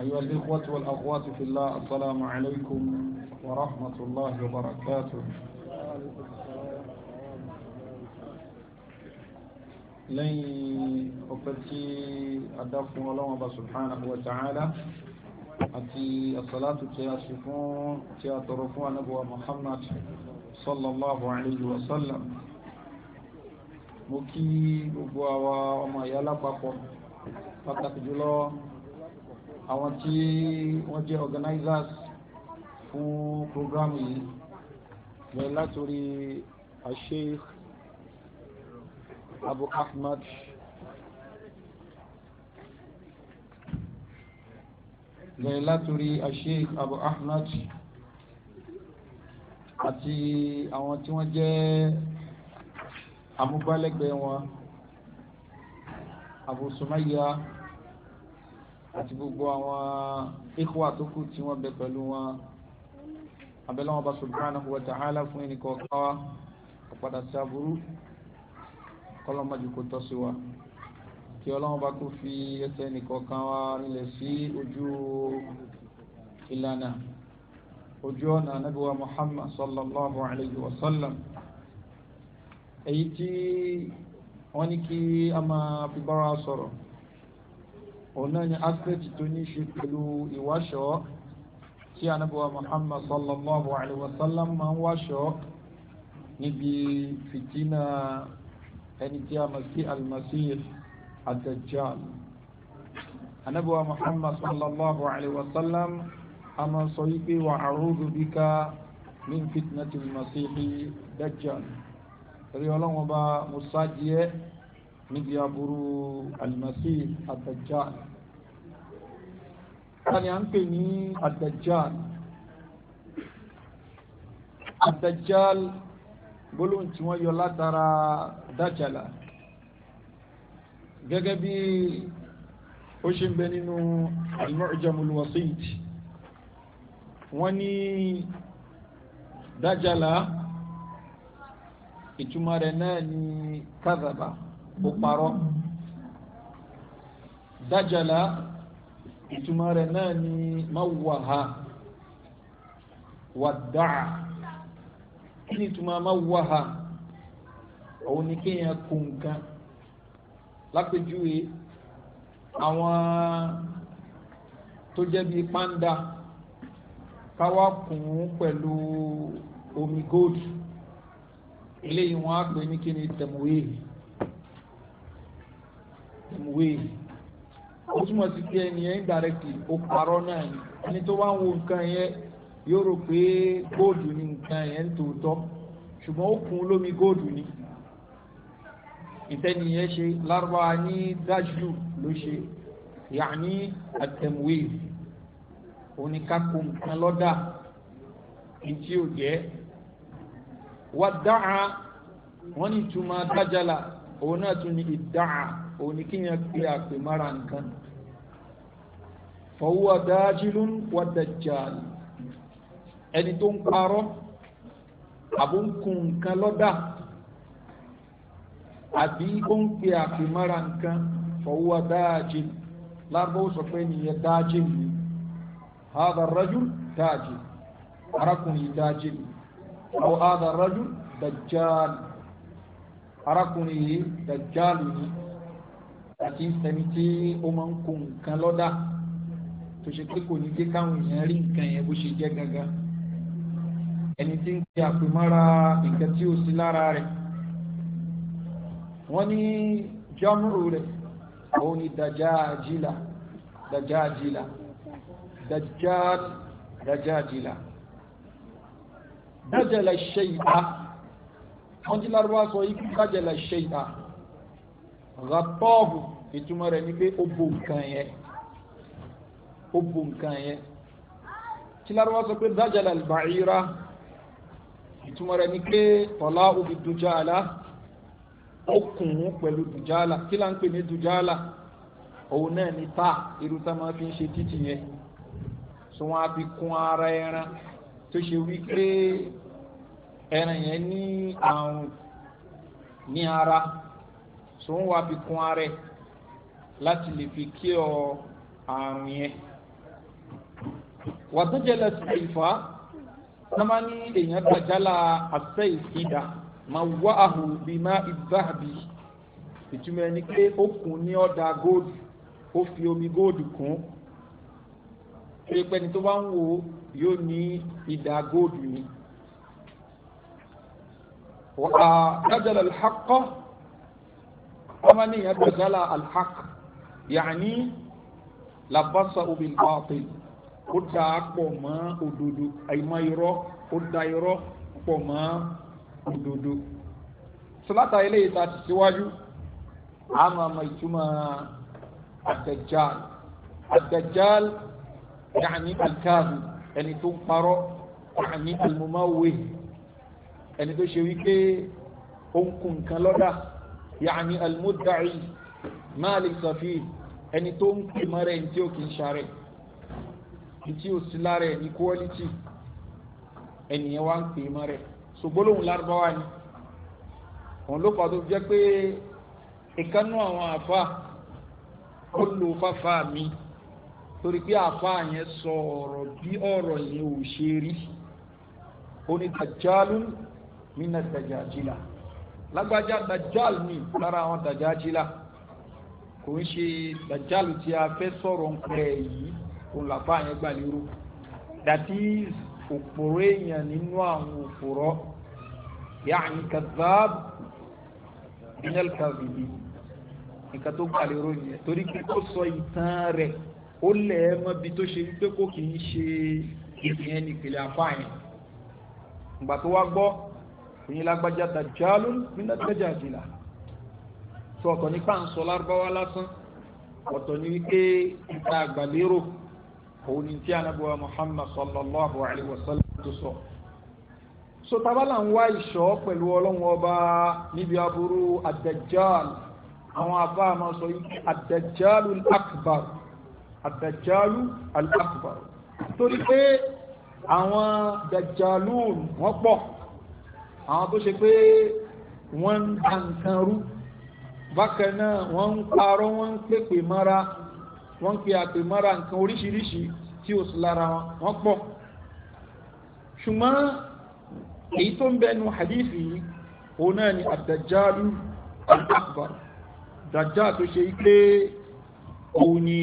أيها الإخوة والأخوات في الله السلام عليكم ورحمة الله وبركاته lẹ́yìn ọpẹ́ tí a dá fún ọlọ́run ọba subhanahu wa ta'ala àti àsàlátù tí a sì fún tí a tọrọ fún anábọ̀wà muhammad sallallahu alayhi wa sallam mo kí gbogbo àwa ọmọ ìyá lápapọ̀ pàtàkì jùlọ àwọn tí wọ́n jẹ́ organizers fún programu yìí bẹ̀rẹ̀ látòrí Sheikh Abu Ahmad bẹ̀rẹ̀ látòrí Sheikh Abu Ahmad àti àwọn tí wọ́n jẹ́ amúgbálẹ́gbẹ̀ẹ́ wọn Abu Sumaya àti gbogbo àwọn ikhwa tó kù tí wọ́n bẹ pẹ̀lú wọn abẹ́lẹ́ wọn bá subhanahu wa ta'ala fún ẹnì kọ̀ọ̀kan wa ọ̀padà sí aburú kọ́lọ́mọ́jú kò tọ́ sí wa kí ọlọ́run bá kó fi ẹsẹ̀ nìkọ̀ọ̀kan wa rinlẹ̀ sí ojú ìlànà ojú ọ̀nà anábíwá muhammad sallallahu alayhi wa sallam èyí tí wọ́n ní kí a máa fi bára sọ̀rọ̀ òun náà ni aspect tó ní ṣe pẹ̀lú ìwáṣọ tí anábọ̀wá Muhammad sallallahu alayhi wa sallam máa ń wáṣọ níbi fìtínà ẹni tí a mọ̀ sí almasir adajjal anábọ̀wá Muhammad sallallahu alayhi wa sallam a máa sọ wípé wà a'udhu bika min fitnatil masih dajjal rí ọlọ́wọ́n bá musa díẹ̀ níbi aburú al-Masih ad-Dajjal tani à ń pè ní ad-Dajjal ad-Dajjal gbólóhùn tí wọ́n yọ látara dájàlá gẹ́gẹ́ bí ó ṣe ń bẹ nínú al-Mu'jam al-Wasit wọ́n ní dájàlá ìtumọ̀ rẹ̀ náà ní kádàbà ó parọ́ dájàlá ìtumọ̀ rẹ̀ náà ni máwàhá wàdáà kí ni ìtumọ̀ máwàhá òun ni kéèyàn kó nǹkan lápèjúwe àwọn tó jẹ́ bíi panda káwá kùn ún pẹ̀lú omi góòdù eléyìí wọ́n á pè ní kí ni tẹ̀mùwéèlì way ó túmọ̀ sí pé ẹni yẹn indirectly ó parọ́ náà ni ẹni tó wá ń wo nǹkan yẹn yóò rò pé góòdù ni nǹkan yẹn ń tòótọ́ ṣùgbọ́n ó kún lómi góòdù ni ìtẹ́ni yẹn ṣe lárúbá ní dájú ló ṣe yàní àtẹ̀wé oníkàkùn nǹkan lọ́dà ntí ò jẹ́ wàdáà wọ́n ní túmọ̀ dájàlá òun náà tún ní ìdáà òun ni kíyàn pé àpè mára nǹkan fọwọ́ dájìlún wa dajjal ẹni tó ń parọ́ àbó ń kun nǹkan lọ́dà àbí ó ń pe àpè mára nǹkan fọwọ́ dájìl lábọ́ sọ pé nìyẹn dájìl ni hada rajul dájìl arákùnrin dájìl àwọn hada rajul dajjal arákùnrin yìí dajjal ni àti ẹni tí ó máa ń kó nǹkan lọ́dà tó ṣe pé kò ní jẹ́ káwọn èèyàn rí nǹkan yẹn bó ṣe jẹ́ gangan ẹni tí ń pe àpèmọ́ra nǹkan tí ó sí lára rẹ̀ wọ́n ní jámúrò rẹ̀ òun ni dàjáàjìlá dàjáàjìlá dàjáàjìlá dájàlá ṣe ìta wọ́n ti lárúbá sọ ikú dájàlá ṣe ìta ràpọ́ọ̀bù ìtumọ̀ rẹ̀ ni pé ó bo nǹkan yẹn ó bo nǹkan yẹn tí lárúbá sọ pé dájàlá àlùbáyíra ìtumọ̀ rẹ̀ ni pé tọ́lá òbí dùjàlá ó kùn ún pẹ̀lú dùjàlá kí ń pè ní dùjàlá òun náà ni ta irú tá máa fi ń ṣe títì yẹn so wọn á fi kún ara ẹran tó ṣe wípé ẹran yẹn ní àrùn ní ara so ń wá fi kún ara ẹ̀ láti lè fi kí ọ àrùn yẹn wàtújẹlẹ sèfà nàmá ní èèyàn tàjálà àṣẹ ìfìdá mà wá àhù bímá ìbáàbí ìtumọ̀ ẹni pé ó kùn ní ọ̀dà góòdù ó fi omi góòdù kún pé pẹ́ni tó bá ń wò yóò ní ìdá góòdù ni. wàá tàjálà lọ́kọ́ wọ́n máa ní ìyẹn gbẹ̀dálà alhaq yàní labasa omi baatil ó da pọ̀ mọ́ òdodo àìmọ́ irọ́ ó da irọ́ pọ̀ mọ́ òdodo sọláta eléyìí ta ti síwájú àmọ́ àmọ́ ìtumọ̀ àdàjáàlì àdàjáàlì yàní alkaadu ẹni tó ń parọ́ yàní almumawih ẹni tó ṣe wípé ó ń kun nǹkan lọ́dà yàní almudda'i máa lè sọ̀fì ẹni tó ń pè mọ́ rẹ̀ ní tí ó kì í ṣàrẹ̀ ní tí ó sì lára ẹ̀ ní kúọ́lítì ẹnìyẹn wá ń pè mọ́ rẹ̀ ṣùgbọ́n lárúbáwá ni òun ló pàtó jẹ́ pé ìkánú àwọn àfa ó lo fáfá mi torí pé àfa yẹn sọ ọ̀rọ̀ bí ọ̀rọ̀ yẹn ò ṣe rí onídàjálù mí nà dàjàjìlá lágbájá dajjal ni lára àwọn la kò ń ṣe dajjal tí a fẹ́ sọ̀rọ̀ nǹkan yìí kò ń làbá yẹn gbà lérò that is òpòrò èèyàn nínú àwọn òpòrò yaani kazab minal kazibi nǹkan tó gbà lérò yẹn torí pé kó sọ ìtàn rẹ̀ ó lẹ̀ ẹ́ mọ́ bí tó ṣe wípé kò kì í ṣe ìyẹn nìpìlẹ̀ afá yẹn ìgbà tó wá òyìn lágbájá dàjálù nínú tẹ́jà àjìlá tó ọ̀tọ̀ nípa ń sọ lárúbáwá lásán ọ̀tọ̀ ní wípé ìta àgbàlérò òun ni tí anábíwá Muhammad sallallahu alayhi wa sallam tó sọ so tabala ń wá ìṣọ́ pẹ̀lú ọlọ́run ọba níbi aburú àdàjálù àwọn àbá àmọ́ sọ yìí àdàjálù akbar àdàjálù akbar torí pé àwọn dàjálù wọ́n pọ̀ àwọn tó ṣe pé wọ́n ń da nǹkan rú bákan náà wọ́n ń parọ́ wọ́n ń pèpè mọ́ra wọ́n ń pe àpè mọ́ra nǹkan oríṣiríṣi tí ó sì lára wọn pọ̀ ṣùgbọ́n èyí tó ń bẹnu hadithi yìí òun náà ni àdàjálù al dàjà tó ṣe pé òun ni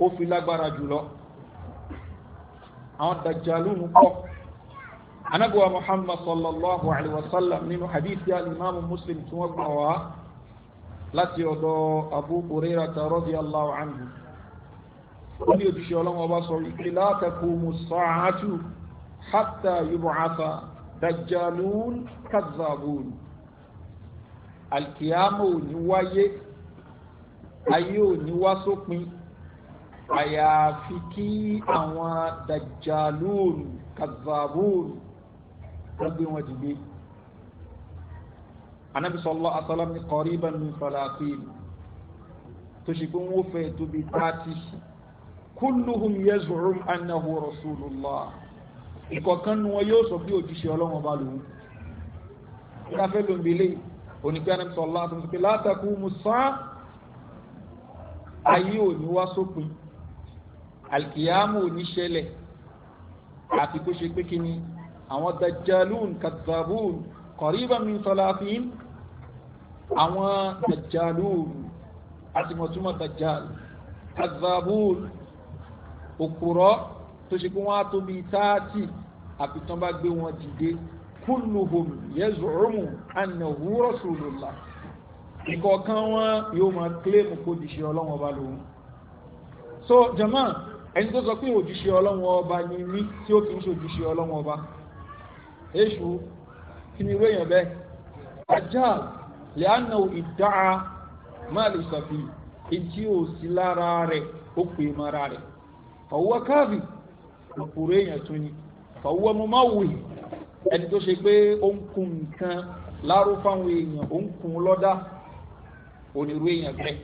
ó fi lágbára jùlọ àwọn dàjálù ń pọ̀ anabiwa muhammad sallallahu alayhi wa sallam nínú hadithi alimami muslim tí wọ́n gbà wá láti ọ̀dọ̀ abu huraira ta radiyallahu anhu wọ́n ní òjúṣe ọlọ́wọ́ bá sọ wípé la taqumu as-sa'atu hatta yub'atha dajjalun kazzabun alkiyama ò ní wáyé ayé ò ní wá sópin àyàfi kí àwọn dajjalun kazzabun wọ́n gbé wọn dìde anabi sallallahu alaihi wasallam ní qariban min salatin tó ṣe pé wọ́n fẹ́ tóbi tààtì kulluhum yaz'um annahu rasulullah ìkọ̀kan nu wọn yóò sọ bí òjíṣẹ́ ọlọ́run ọba lòun káfẹ́ ló ń belé onígbé anabi sallallahu alaihi wasallam ayé òní wá sópin alikiyamu òní ṣẹlẹ̀ àti kó ṣe pé kí ni àwọn dajalun kadhabun qariban min salafin àwọn dajalun àtìmọ̀túmọ̀ dajal kadhabun òkúrọ́ tó ṣe kí wọ́n á tóbi táàtì àbítán bá gbé wọn dìde kulluhum yaz'umu annahu rasulullah ìkọ̀ọ̀kan wọn yóò máa kílèmù kó dìṣẹ́ ọlọ́wọ́n ọba lòun so jama ẹni tó sọ pé òjíṣẹ́ ọlọ́wọ́n ọba ni mí tí ó kì í ṣe òjíṣẹ́ ọlọ́wọ́n ọba èṣù kí ni irú bẹ? bẹ́ẹ̀ ajá lẹ́ánà ìdáa máa lè sọ̀fì ìjì ò sí lára rẹ̀ ó mara rẹ̀ Ọwụwa káàbì ọkpụrụ èèyàn tún ni fàwọ́ mo máa wù yìí ẹni tó ṣe pé ó ń kun nǹkan láró fáwọn èèyàn ó ń kun lọ́dá onírú èèyàn bẹ́ẹ̀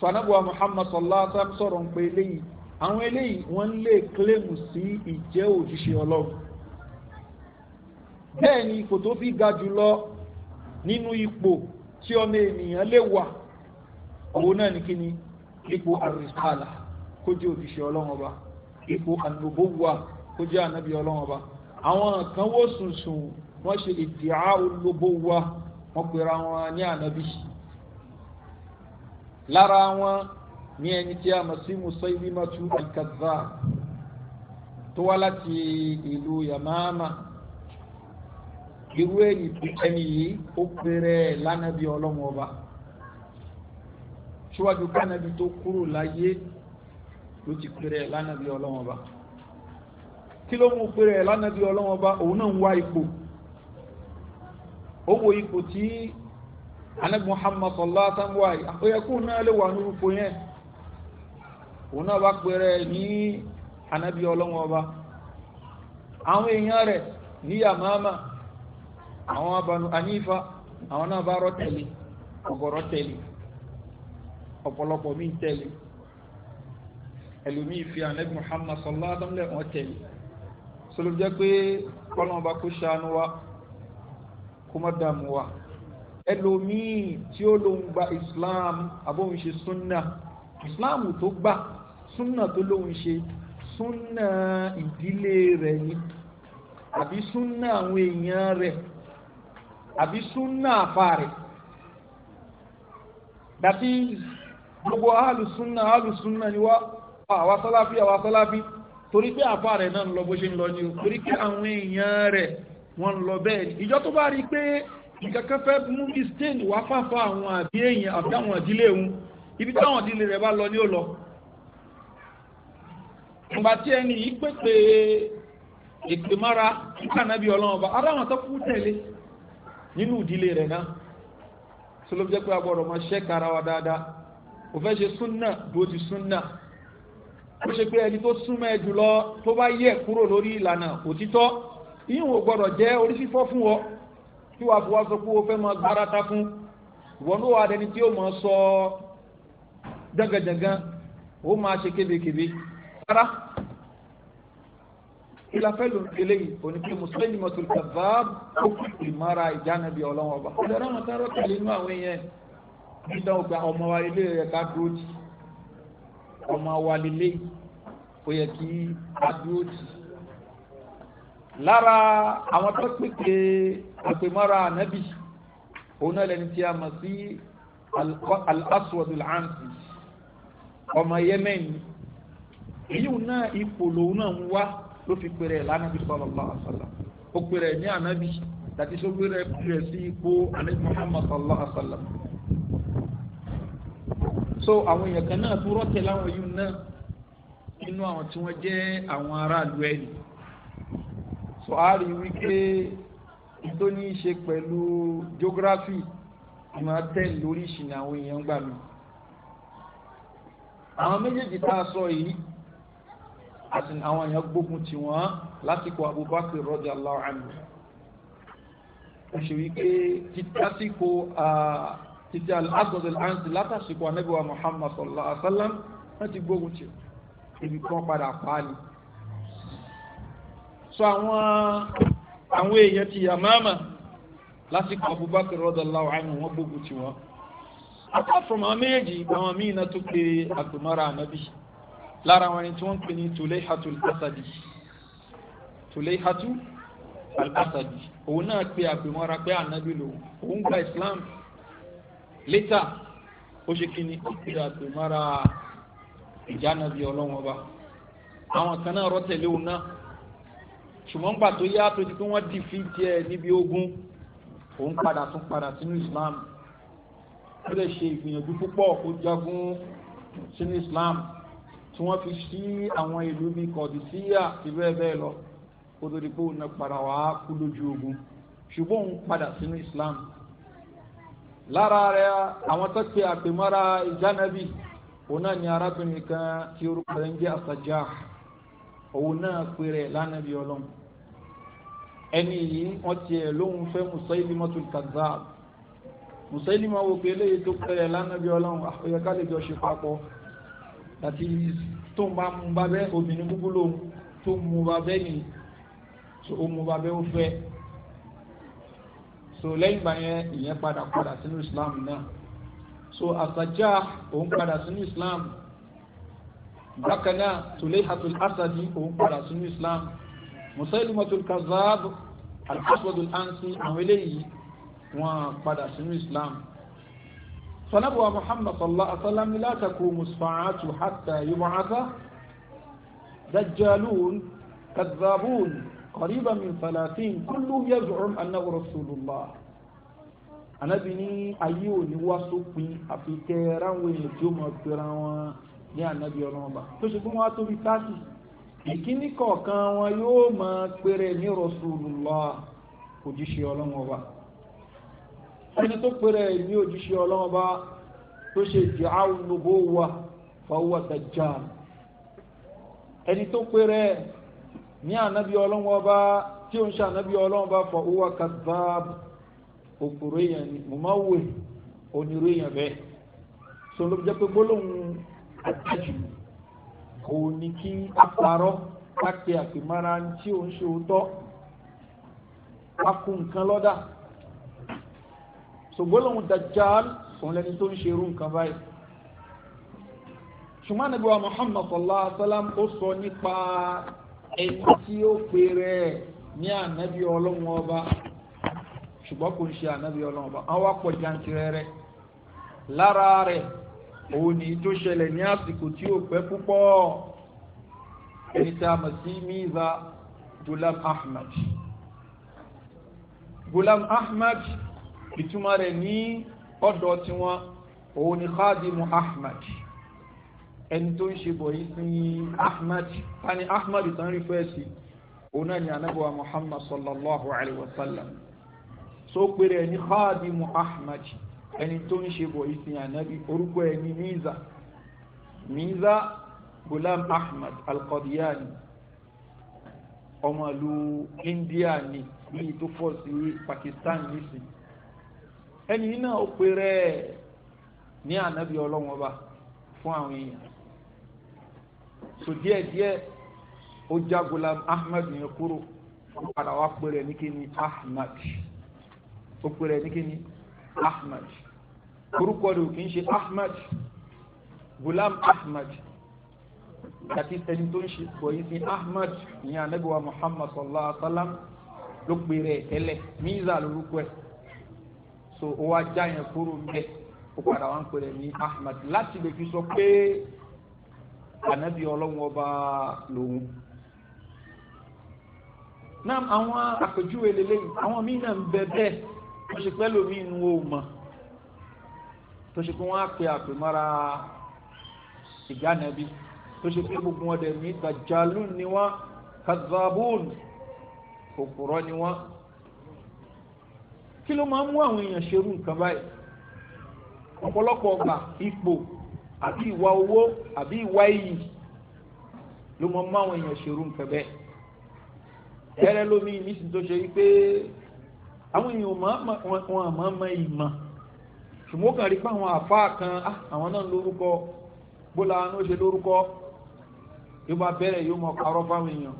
sanabuwa Muhammad sallallahu alaihi wa sallam sọ̀rọ̀ ń àwọn eléyìí wọ́n lè sí ìjẹ́ òjíṣẹ́ Ọlọ́run bẹ́ẹ̀ ni ipò tó fi ga jùlọ nínú ipò tí ọmọ ènìyàn lè wà òun náà ní kíni ipò àrùsàlà kó jẹ́ òjíṣẹ́ ọlọ́run ọba ipò ànúbọ̀wà kó jẹ́ ànábì ọlọ́run ọba àwọn kan wó sùnsùn wọ́n ṣe ìdíyà olóbọ̀wà wọ́n pera wọn ní ànábì lára wọn ní ẹni tí a mọ̀ sí Musaylimatu al-Kadhdhab tó wá láti ìlú Yamama irú ẹni yìí ó pèrè lánàbí ọlọ́run ọba síwájú kánàbí tó kúrò láyé ló ti pèrè lánàbí ọlọ́run ọba kí ló mú pèrè lánàbí ọlọ́run ọba òun náà ń wá ipò ó wo ipò tí anabi muhammad sallallahu alaihi wa sallam wáyé àkóyẹkùn náà lè wà nírúkọ yẹn òun náà bá pèrè ní anabi ọlọ́run àwọn èèyàn rẹ̀ ní àwọn abanu anífa àwọn náà bá rọ tẹ̀lé ọgọrọ ọpọlọpọ mi ẹlòmíì fi anabi muhammad sallallahu alaihi wa sallam lẹ́wọ̀n sọlọ pé kọ́lọ́n ọba kó ṣàánú wa má dààmú wa ẹlòmíì tí gba islam abóhun ṣe sunna islam tó gbà sunna tó lóun ṣe sunna ìdílé rẹ̀ ni sunna àwọn èèyàn àbí súnà àfààrẹ dàbí gbogbo alùsúnà alùsúnà ni wá àwa sálàfí àwa sálàfí torí pé àfààrẹ náà ń lọ bó ṣe ń lọ ni o torí pé àwọn èèyàn rẹ̀ wọ́n ń lọ bẹ́ẹ̀ ni ìjọ tó bá rí i pé ìkankan fẹ́ mú mistake wá fàfà àwọn àbí èèyàn àbí àwọn ìdílé òun ibi táwọn ìdílé rẹ̀ bá lọ ni ó lọ ìgbà tí ẹni yìí pèpè èpè mára nípa nàbí ọlọ́run ọba aráwọn tó kú tẹ̀lé nínú ìdílé rẹ̀ náà tó ló jẹ́ pé a gbọ́dọ̀ máa ṣẹ́ka ara wa dáadáa kò fẹ́ ṣe súnà bó ti súnà ó ṣe pé ẹni tó súnmọ́ ẹ jùlọ tó bá yẹ kúrò lórí ìlànà òtítọ́ ìyẹn ò gbọ́dọ̀ jẹ́ orí fífọ́ fún ọ tí wàá fi sọ pé o fẹ́ máa gbárata fún ìwọ ní wàá dẹni tí ó máa sọ jàngàjàngà ó máa ṣe kébékébé rárá ìlàfẹ́ ló ń gbélé yìí òní pé mùsùlùmí mọ̀tò ìjàmbá ó fi ìmọ̀ra ìjánabi ọlọ́wọ́ ọba. ìjọba àwọn tá a rọ́ọ̀tà lé inú àwọn yẹn nígbà ọgbà ọmọ wa ilé rẹ̀ ká dúró jì ọmọ wa lélẹ̀ ó yẹ kí a dúró jì. lára àwọn tó pèpè àpèmọ́ra ànábì òun náà lẹni tí a mọ̀ al-aswad al-ansi ọmọ yemen èyí náà ipò lòun náà ló fi pèrè ẹ̀ lánàbí sallallahu alaihi wasallam ó pèrè ẹ̀ ní ànábì tàbí sọ pèrè ẹ̀ pèrè sí ipò ànábì Muhammad sallallahu alaihi wasallam. so àwọn èèyàn kan náà tó rọ́tẹ̀ láwọn yìí náà nínú àwọn tí wọ́n jẹ́ àwọn aráàlú ẹ̀yìn so a rí wípé tó ní í ṣe pẹ̀lú geography máa tẹ̀ lórí ìṣìnà àwọn èèyàn gbà mí àwọn méjèèjì tá a sọ yìí àti àwọn èèyàn gbógun tì wọ́n lásìkò Abubakar radiyallahu anhu ó ṣe wípé títàsíkò títí al-asọ̀dọ̀ àǹtí látàsíkò anábíwá Muhammad sallallahu alaihi wasallam wọ́n ti gbógun tì ibi kan padà pa ni àwọn àwọn èèyàn ti Yamama lásìkò Abubakar radiyallahu anhu wọ́n gbógun tì wọ́n apart from àwọn méjèèjì àwọn míì náà tó pe àgbèmọ́ra ànábì lára wọn ni tí wọ́n ń pè ní tulehatu al-asadi tulehatu òun náà pe àpèmọ́ra pé ànábì lò òun gba islam létà ó ṣe kí ni ó pe àpèmọ́ra ìjánabi ọlọ́wọ́n bá àwọn kan náà rọ́tẹ̀lé òun náà ṣùgbọ́n gbà tó yá tó ti pé wọ́n dì fi tiẹ̀ níbi ogun òun padà tún padà sínú islam ó lè ṣe ìgbìyànjú púpọ̀ kó jagun sínú islam tí wọ́n fi ṣí àwọn ìlú bíi kọ̀dísíyà ti bẹ́ẹ̀ bẹ́ẹ̀ lọ kó tó di pé òun padà wá kú lójú ogun ṣùgbọ́n òun padà sínú Islam lára rẹ̀ àwọn tó pe àpèmọ́ra ìjánabi òun náà ni arábìnrin kan tí orúkọ rẹ̀ ń jẹ́ àṣàjà òun náà pe rẹ̀ lánàbí ọlọ́run ẹni yìí wọ́n tiẹ̀ lóhun fẹ́ Musaylimatul Kazzab Musaylima wo pé eléyìí tó pe rẹ̀ lánàbí ọlọ́run àfẹ́yẹ́ká ah, lè jọ ṣe papọ̀ àti tó ń bá mú babẹ́ obìnrin kúkú lòun tó ń mú babẹ́ ni so ó mú babẹ́ ó fẹ́ so lẹ́yìn ìgbà yẹn ìyẹn padà padà sínú Islam náà so àsàjà òun padà sínú Islam bákan náà Tulaihatul Asadi òun padà sínú Islam Musailimatul Kazzab al-Aswadul Ansi àwọn eléyìí wọ́n padà sínú Islam sọ̀nàbù wa muhammad sallallahu alaihi wa sallam ní látàkù musfàcàtù hàtà yubacasa dajjalun kadhabun qariban min salatin kulluhum yazcum annahu rasulullah anabi ní ayé òní wá sópin àfi kẹrẹ àwọn èèyàn tí ó mọ̀ pẹ̀lú àwọn ní ànábì ọlọ́mọba tó ṣe fún wa tóbi táàsì ìkíní kọ̀ọ̀kan wọn yóò máa pèrè ní Rasulullah òjíṣẹ́ ọlọ́mọba ẹni tó pèrè ní òjíṣẹ́ ọlọ́wọ́n bá tó ṣe ti àwùnúbó wa fàwọ́ dàjà ẹni tó pèrè ní ànábì ọlọ́wọ́n bá tí ó ń ṣe ànábì ọlọ́wọ́n bá fàwọ́ kàdáàbù òkúrò èèyàn ni mo máa wè onírú èèyàn bẹ́ẹ̀ tó ló jẹ́ gbólóhùn àtàjù kò ní kí a parọ́ ká àpèmára tí ó ń ṣe òótọ́ a kú nǹkan lọ́dà sògbólóhùn dajjal òun lẹni tó ń ṣe irú nǹkan báyìí ṣùgbọ́n níbi wa muhammad sallallahu alaihi wa sallam ó sọ nípa ẹni tí ó pè rẹ̀ ní ànábì ọlọ́run ọba ṣùgbọ́n kò ń ṣe ànábì ọlọ́run ọba àwọn apọ̀ jantirẹrẹ lára rẹ̀ òun ni tó ṣẹlẹ̀ ní àsìkò tí ó pẹ́ púpọ̀ ẹni tá a mọ̀ sí miza gulam ahmed gulam ahmed ìtumọ̀ rẹ̀ ní ọ̀dọ̀ tiwọn òun ni khadimu ahmad ẹni tó ń ṣe bọ̀ yìí sí ahmad tani ahmad tán rí fẹ́ sí òun náà ni anabuwa muhammad sallallahu alayhi wa sallam so pèrè ẹni khadimu ahmad ẹni tó ń ṣe bọ̀ yìí sí anabi orúkọ ẹni miza miza gulam ahmad alqadiyani ọmọ india ni ní tó fọ́ sí pakistan nísìnyí ẹni náà ó pe rẹ ní ànábì ọlọ́wọ́n ọba fún àwọn èèyàn so díẹ̀díẹ̀ ó já Ahmed yẹn kúrò ó padà wá pe rẹ ní kíni ó pe rẹ ní kíni orúkọ rẹ ò kì í ṣe Ahmad Gulam Ahmed, àti ẹni tó ń ṣe pọ̀ yìí sí Ahmad ìyẹn ànábì wa Muhammad sallallahu alaihi wa sallam ló pe rẹ tẹ́lẹ̀ míza lórúkọ ẹ̀ so ó wá já yẹn kúrò mbẹ ó padà wá ń pèrè ní ahmed láti lè fi sọ pé ànábì ọlọ́run ọba lòun náà àwọn àpèjúwe lélẹ́yìn àwọn míì náà ń bẹ bẹ́ẹ̀ wọ́n ṣe pẹ́ lómi inú o mọ̀ tó ṣe pé wọ́n á pe àpèmọ́ra ìgánẹ́bí tó ṣe pé gbogbo wọn dẹ̀ ní ìtajà lónìí wọn kazabun òpùrọ́ ni wọ́n kí ló máa ń mú àwọn èèyàn ṣerú nǹkan báyìí ọ̀pọ̀lọpọ̀ ọgbà ipò àbí ìwà owó àbí ìwà iyì ló máa ń mú àwọn èèyàn ṣerú nǹkan bẹ́ẹ̀ tẹ́lẹ̀ lómi nísìnyí tó ṣe wípé àwọn èèyàn wọn àmọ́ mọ ìmọ̀ ṣùgbọ́n kàn rí pé àwọn àfáà kan ah, àwọn náà lórúkọ bóla ló ṣe lórúkọ yóò bá bẹ̀rẹ̀ yóò mọ parọ́ fáwọn èèyàn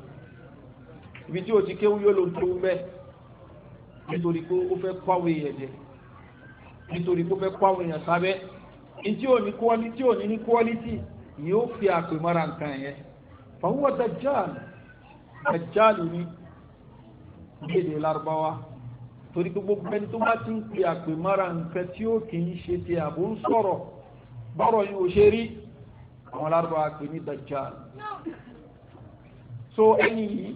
ibi tí o ti kéwú yóò ló ń kéwú bẹ́ẹ̀ nítorí pé ó fẹ́ kó àwọn èèyàn jẹ nítorí pé ó fẹ́ kó àwọn èèyàn sábẹ́ ní tí ò ní quality tí ò ní ní quality ni ó fi àpèmọ́ra nǹkan yẹn fàwọn dajjal dajjal ni lédè Lárúbáwá torí pé gbogbo ẹni tó bá ti ń pe àpèmọ́ra nǹkan tí ó kì í ṣe ti àbò ń sọ̀rọ̀ bọ́rọ̀ yìí ò ṣe rí àwọn Lárúbáwá pè ní dajjal so ẹni yìí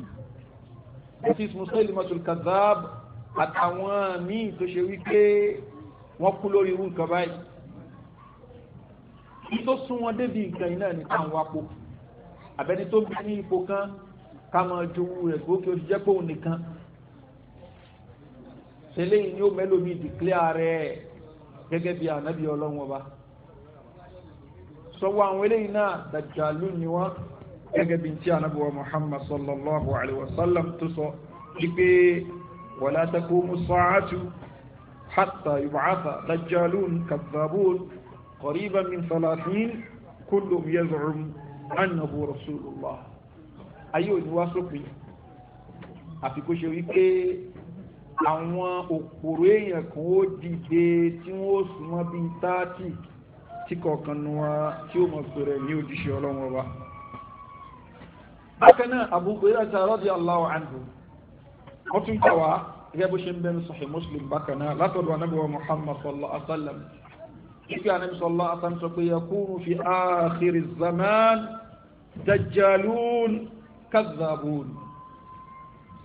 this is Musaylimatul Kadhab àtàwọn míì tó ṣe wípé wọ́n kú lórí irú nǹkan báyìí kí tó sún wọn débi nǹkan yìí náà ní káwọn wápo àbẹ́ni tó bí ní ipò kan ká máa jowú gbókè ó ti jẹ́ pòun nìkan eléyìí ni ó mẹ́lòmí dìklẹ́ rẹ̀ gẹ́gẹ́ bí ànábì ọlọ́run ọba sọwọ́ àwọn eléyìí náà dàjàlú ni wọ́n gẹ́gẹ́ bí ti ànábì wa Muhammad sallallahu alayhi wa sallam tó sọ wípé. ولا تقوم الساعة حتى يبعث دجالون كذابون قريبا من ثلاثين كلهم يزعم أنه رسول الله ayé òní wá sópin àfi kó ṣe wípé àwọn òpòrò èèyàn kan ó dìde tí wọn ó súnmọ́ bíi táàtì tí kọ̀ọ̀kan nu wa tí ó mọ pèrè ní òjíṣẹ́ Ọlọ́run ọba. bákan náà Abu Hurairah radiyallahu anhu وفي توا جابوا شيء بين صحيح مسلم بكنا لا تروى نبوة محمد صلى الله عليه وسلم كيف يعني صلى الله عليه وسلم سوف يكون في آخر الزمان دجالون كذابون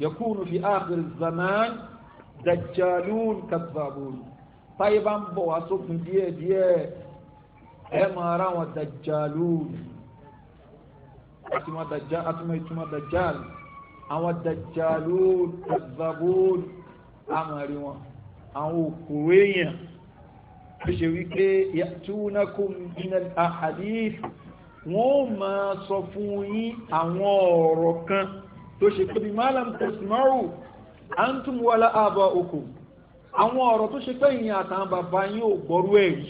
يكون في آخر الزمان دجالون كذابون طيب أم بوا سوف ديه دي أمارا ودجالون أتما دجال أتما دجال, أتما دجال. àwọn dajjalun azabun àmàrí wọn àwọn òkúrò èèyàn tó ṣe wípé ya'tunakum minal ahadith wọn ò máa sọ fún yín àwọn ọ̀rọ̀ kan tó ṣe pé bí malam tasma'u antum wala aba'ukum àwọn ọ̀rọ̀ tó ṣe pé ìyìn àtàwọn bàbá yín ò gbọ́rú ẹ̀rí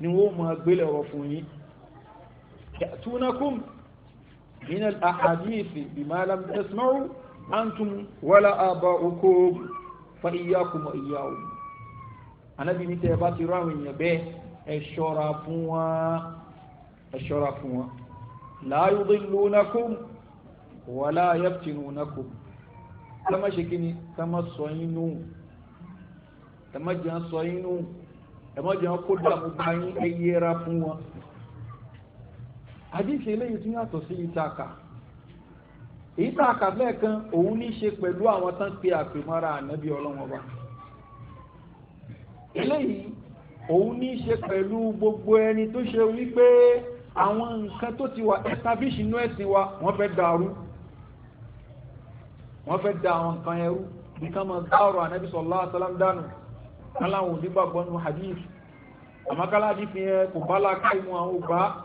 ni wọ́n máa gbélé ọ̀rọ̀ fún yín ya'tunakum من الأحاديث بما لم تسمعوا أنتم ولا آباؤكم فإياكم وإياهم Ànábì ní tẹ́ bá ti rán àwọn èèyàn bẹ́ẹ̀ ẹ ṣọ́ra fún wọn ẹ ṣọ́ra fún wọn la yudillunakum wala yaftinunakum ká má ṣe kí ni ká má sọ yín nù ẹ má jẹ́ sọ yín nù ẹ má jẹ́ kó dààmú bá yín ẹ yẹra fún wọn àdìsí eléyìí tún yàtọ̀ sí ìtaka ìtaka lẹ́ẹ̀kan òun ní í ṣe pẹ̀lú àwọn tán pe àpèmọ́ra ànábì ọlọ́wọ́n ọba eléyìí òun ní í ṣe pẹ̀lú gbogbo ẹni tó ṣe wípé àwọn nǹkan tó ti wà establish inú ẹ̀sìn wa wọ́n fẹ́ dàrú wọ́n fẹ́ da àwọn nǹkan ẹrú bí ká máa dá ọ̀rọ̀ ànábì sallallahu alaihi wasallam dànù káláwọn òdìgbàgbọ́nù hadith àmọ́ kálá àdìsí yẹn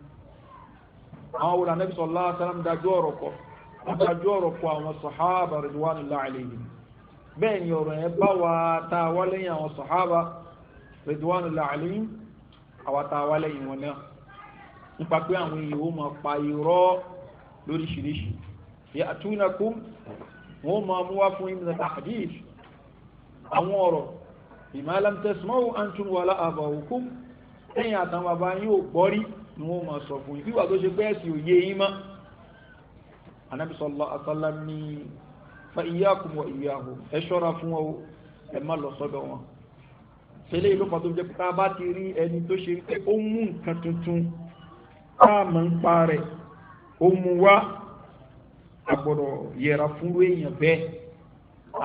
àwọn wòlò anabi sallallahu alaihi wasallam dájú ọ̀rọ̀ kọ dájú ọ̀rọ̀ kọ àwọn sàhábà ridwanullahi alaihim bẹ́ẹ̀ ni ọ̀rọ̀ yẹn bá wa tá a wá lẹ́yìn àwọn sàhábà ridwanullahi alaihim àwa tá a wá lẹ́yìn wọn náà nípa pé àwọn èèyàn ó máa pa irọ́ lóríṣiríṣi ya'tunakum wọ́n máa mú wá fún yín nípa hadith àwọn ọ̀rọ̀ bima lam tasma'u antum wala aba'ukum ẹ̀yìn àtàwọn bàbá yín ò gbọ́ ni wọ́n máa sọ fún yín bí wà tó ṣe pé ẹ̀sìn òye yín mọ́ anabi sallallahu alaihi wasallam ní fa iyyakum wa iyyahum ẹ ṣọ́ra fún ọ ẹ má lọ sọ́dọ̀ wọn tẹ́lẹ̀ ìlú kan tó jẹ́ pé tá a bá ti rí ẹni tó ṣe pé ó mú nǹkan tuntun tá a mọ̀ ń pa rẹ̀ ó mú wá a yẹra fúnrú èèyàn bẹ́ẹ̀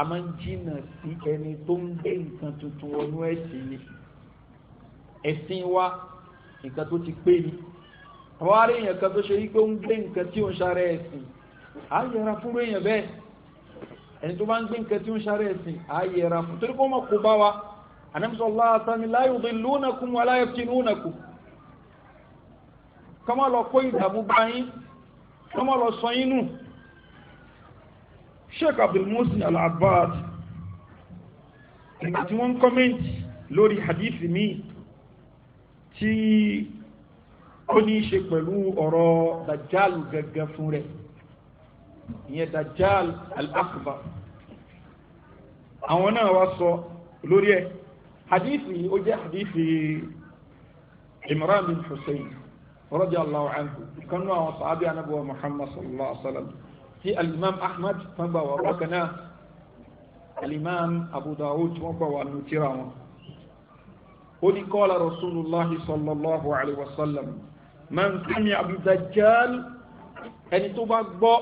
a máa ń jìnnà sí ẹni tó ń gbé nǹkan tuntun wọnú ẹ̀sìn ni ẹ̀sìn wa nǹkan tó ti pé ni àwọn ará èèyàn kan tó ṣe wípé ó ń gbé nǹkan tí ó ń ṣàrẹ ẹ̀sìn á yẹra fúrú èèyàn bẹ́ẹ̀ ẹni tó bá ń gbé nǹkan tí ó ń ṣàrẹ ẹ̀sìn á yẹra fún torí kó mọ̀ kó bá wa anamsọ láàtàmì la yudillunakum wa la yaftinunakum kọ́mọ lọ kó ìdààmú bá yín kọ́mọ lọ sọ yín nù Sheikh Abdul Muhsin Al-Abbad ìgbà tí wọ́n ń kọ́mẹ́ǹtì lórí hadith míì tí ó ní í ṣe pẹ̀lú ọ̀rọ̀ dajjalu gẹ́gẹ́ fún rẹ̀ ìyẹn dajjal al-akbar àwọn náà wá sọ lórí ẹ̀ hadithi ó jẹ́ hadithi imran bin hussein radiyallahu anhu ìkànnú àwọn sàábì anábọ̀ muhammad sallallahu alaihi wa sallam tí alimam ahmad fún gbà wà wákanáà alimam abu dawud wọ́n gbà wà nù tíra wọn oni kọ́la rasulullahi sallallahu alaihi wasallam man sami abdajjal ẹni tó bá gbọ́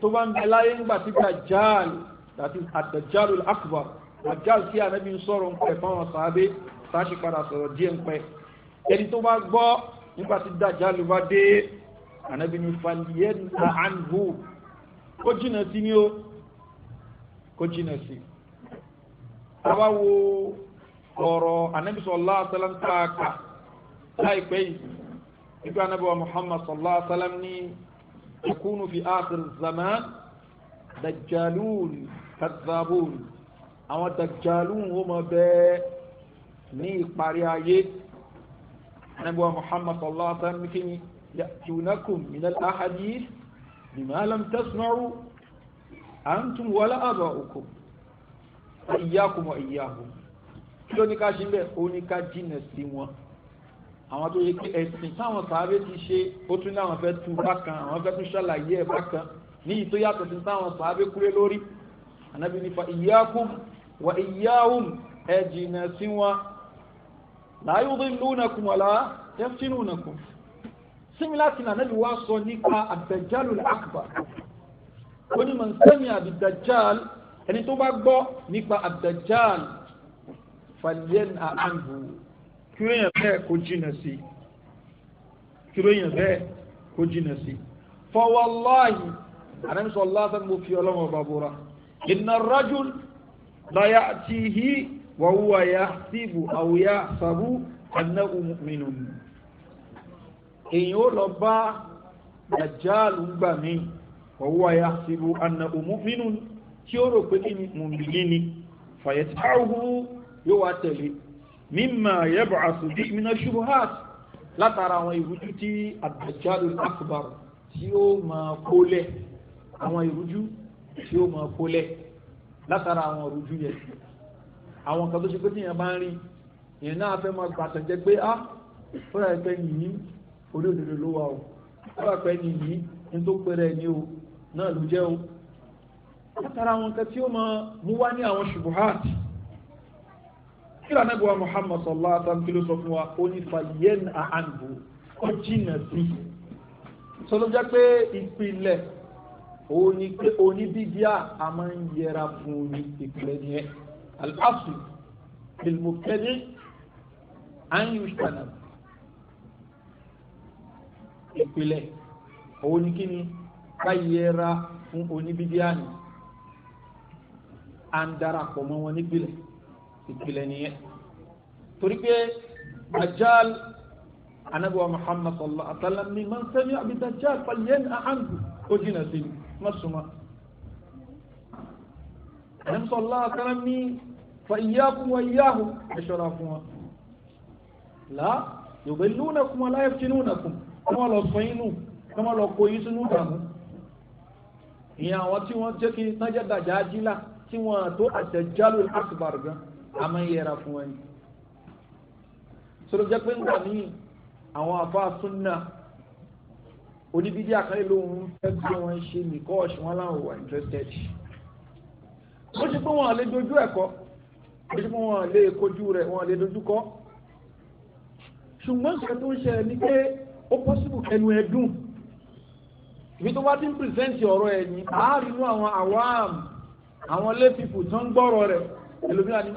tó bá ń bẹ láyé ńgbà tí dajjal àti àdàjálù akbar dajjal sí ànábi ń sọ̀rọ̀ ń pẹ̀ fáwọn sàábé sáàṣì padà sọ̀rọ̀ díẹ̀ ń pẹ́ ẹni tó bá gbọ́ nígbà tí dajjal bá dé ànábi ní faliyẹ́ na anhu ó jìnà sí ni ó kó jìnà sí. àwa wo ọ̀rọ̀ anabi sallallahu alaihi wasallam tá a kà láìpẹ́ yìí nígbà anabi wa muhammad sallallahu alaihi wasallam ní yakunu fi akhir zama dajjalun kadhabun àwọn dajjalun wo ma bẹ ní ìparí ayé anabi wa muhammad sallallahu alaihi wasallam ní kíni ya'tunakum min al-ahadith bima lam tasma'u antum wala aba'ukum iyyakum wa iyyahum. kí ló ní ká ṣe bẹ́ẹ̀ ó ní ká jìnà sí wọn àwọn tó yẹ kí ẹ̀sìn táwọn sàábé ti ṣe ó tún láwọn fẹ́ tu bákan àwọn fẹ́ tún ṣàlàyé ẹ̀ bákan níyì tó yàtọ̀ sí táwọn sàábé kúré lórí ànábi nípa ìyákùn wà ìyáhùn ẹ̀ jìnà sí wọn láyé ó dín lónàkùn wà láà ẹ̀ fínú nàkùn similar thing anabi wa sọ nípa adajalul akbar ó nsẹ́mi àbí dajal ẹni tó bá gbọ́ nípa adajal fàlíyẹ́n àánbù kí ló yàn bẹ́ẹ̀ kó jìnà sí kí ló yàn bẹ́ẹ̀ kó jìnà sí. fọwọ́láhì àdámísọ̀ lásán mo fi ọlọ́mọ bàbúrà inna rajul la ya'tihi wa huwa yahsibu aw yahsabu annahu mu'minun. èyí ó lọ bá dàjáàlù gbà mí wa huwa yahsibu annahu mu'minun tí ó rò pé kí ni mùmìnì ni fàyẹ̀tàhù yóò wá tẹ̀lé mímọ̀ yẹ́bọ̀ àṣùdí ìmìnà ṣubuhat látara àwọn ìrújú tí àdàjálù akbar tí ó máa kólẹ̀ àwọn ìrújú tí ó máa kólẹ̀ látara àwọn ìrújú yẹn àwọn kan tó ṣe pé tíyẹn bá ń rí ìyẹn náà fẹ́ máa gbàtàn jẹ pé ah fúnra ẹ̀ pẹ́ nìyí orí òdòdó ló wà o fúnra ẹ̀ pẹ́ nìyí ní tó pẹ́rẹ́ ẹ̀ ní o náà ló jẹ́ o látara àwọn kan tí ó máa mú wá ní àwọn ṣubuhat kí lànà ìbúra Muhammad sallallahu alaihi wa sallam kí ló sọ fún wa ó ní fàyẹ́n àhánbù ó jìnà sí i sọlọ jẹ́ pé ìpìlẹ̀ òun ni pé oníbíbíà a máa ń yẹra fún un ní ìpìlẹ̀ yẹn aláṣù ìlmùkẹ́lẹ́ àyùsànà ìpìlẹ̀ òun ni kí ni ká yẹra fún oníbíbíà ni à ń darapọ̀ mọ́ wọn nípìlẹ̀ ìpìlẹ̀ nìyẹn torí pé dajjal anabi wa muhammad sallallahu alaihi wa sallam ni man sami abi dajjal falyen ahangu ó jìnnà sí mi má súnmọ́ anabi sallallahu alaihi wa sallam ni fa iyyakum wa iyyahum ẹ ṣọ́ra fún wa la yudillunakum wa la yaftinunakum kọ́mọ́ lọ sọ inú kọ́mọ́ lọ kó yín sínú ìdààmú ìyẹn àwọn tí wọ́n jẹ́ kí nájẹ́ dàjà ájílá tí wọ́n tó àtẹ̀jálù akbar gan a máa ń yẹra fún wọn. sọ̀rọ̀ jẹ́ pé nígbà míì àwọn àfáà súnà oníbídí àkàlẹ́ lòun fẹ́ bí wọ́n ṣe nìkọ́ ọ̀ṣun wọn láwọn wà interested. ó ṣe pé wọn à lè dojú ẹ̀kọ́ ó ṣe pé wọn à lè kojú rẹ̀ wọn à dojú kọ́. ṣùgbọ́n nǹkan tó ń ṣẹlẹ̀ ni pé ó pọ́sibù ẹnu ẹ̀ dùn ibi tó bá ti ń pìrìsẹ́ǹtì ọ̀rọ̀ ẹ̀ ní àárínú àwọn àwáàmù àwọn lé pípù tó ń gbọ́rọ̀ rẹ̀ ẹlòmíràn ní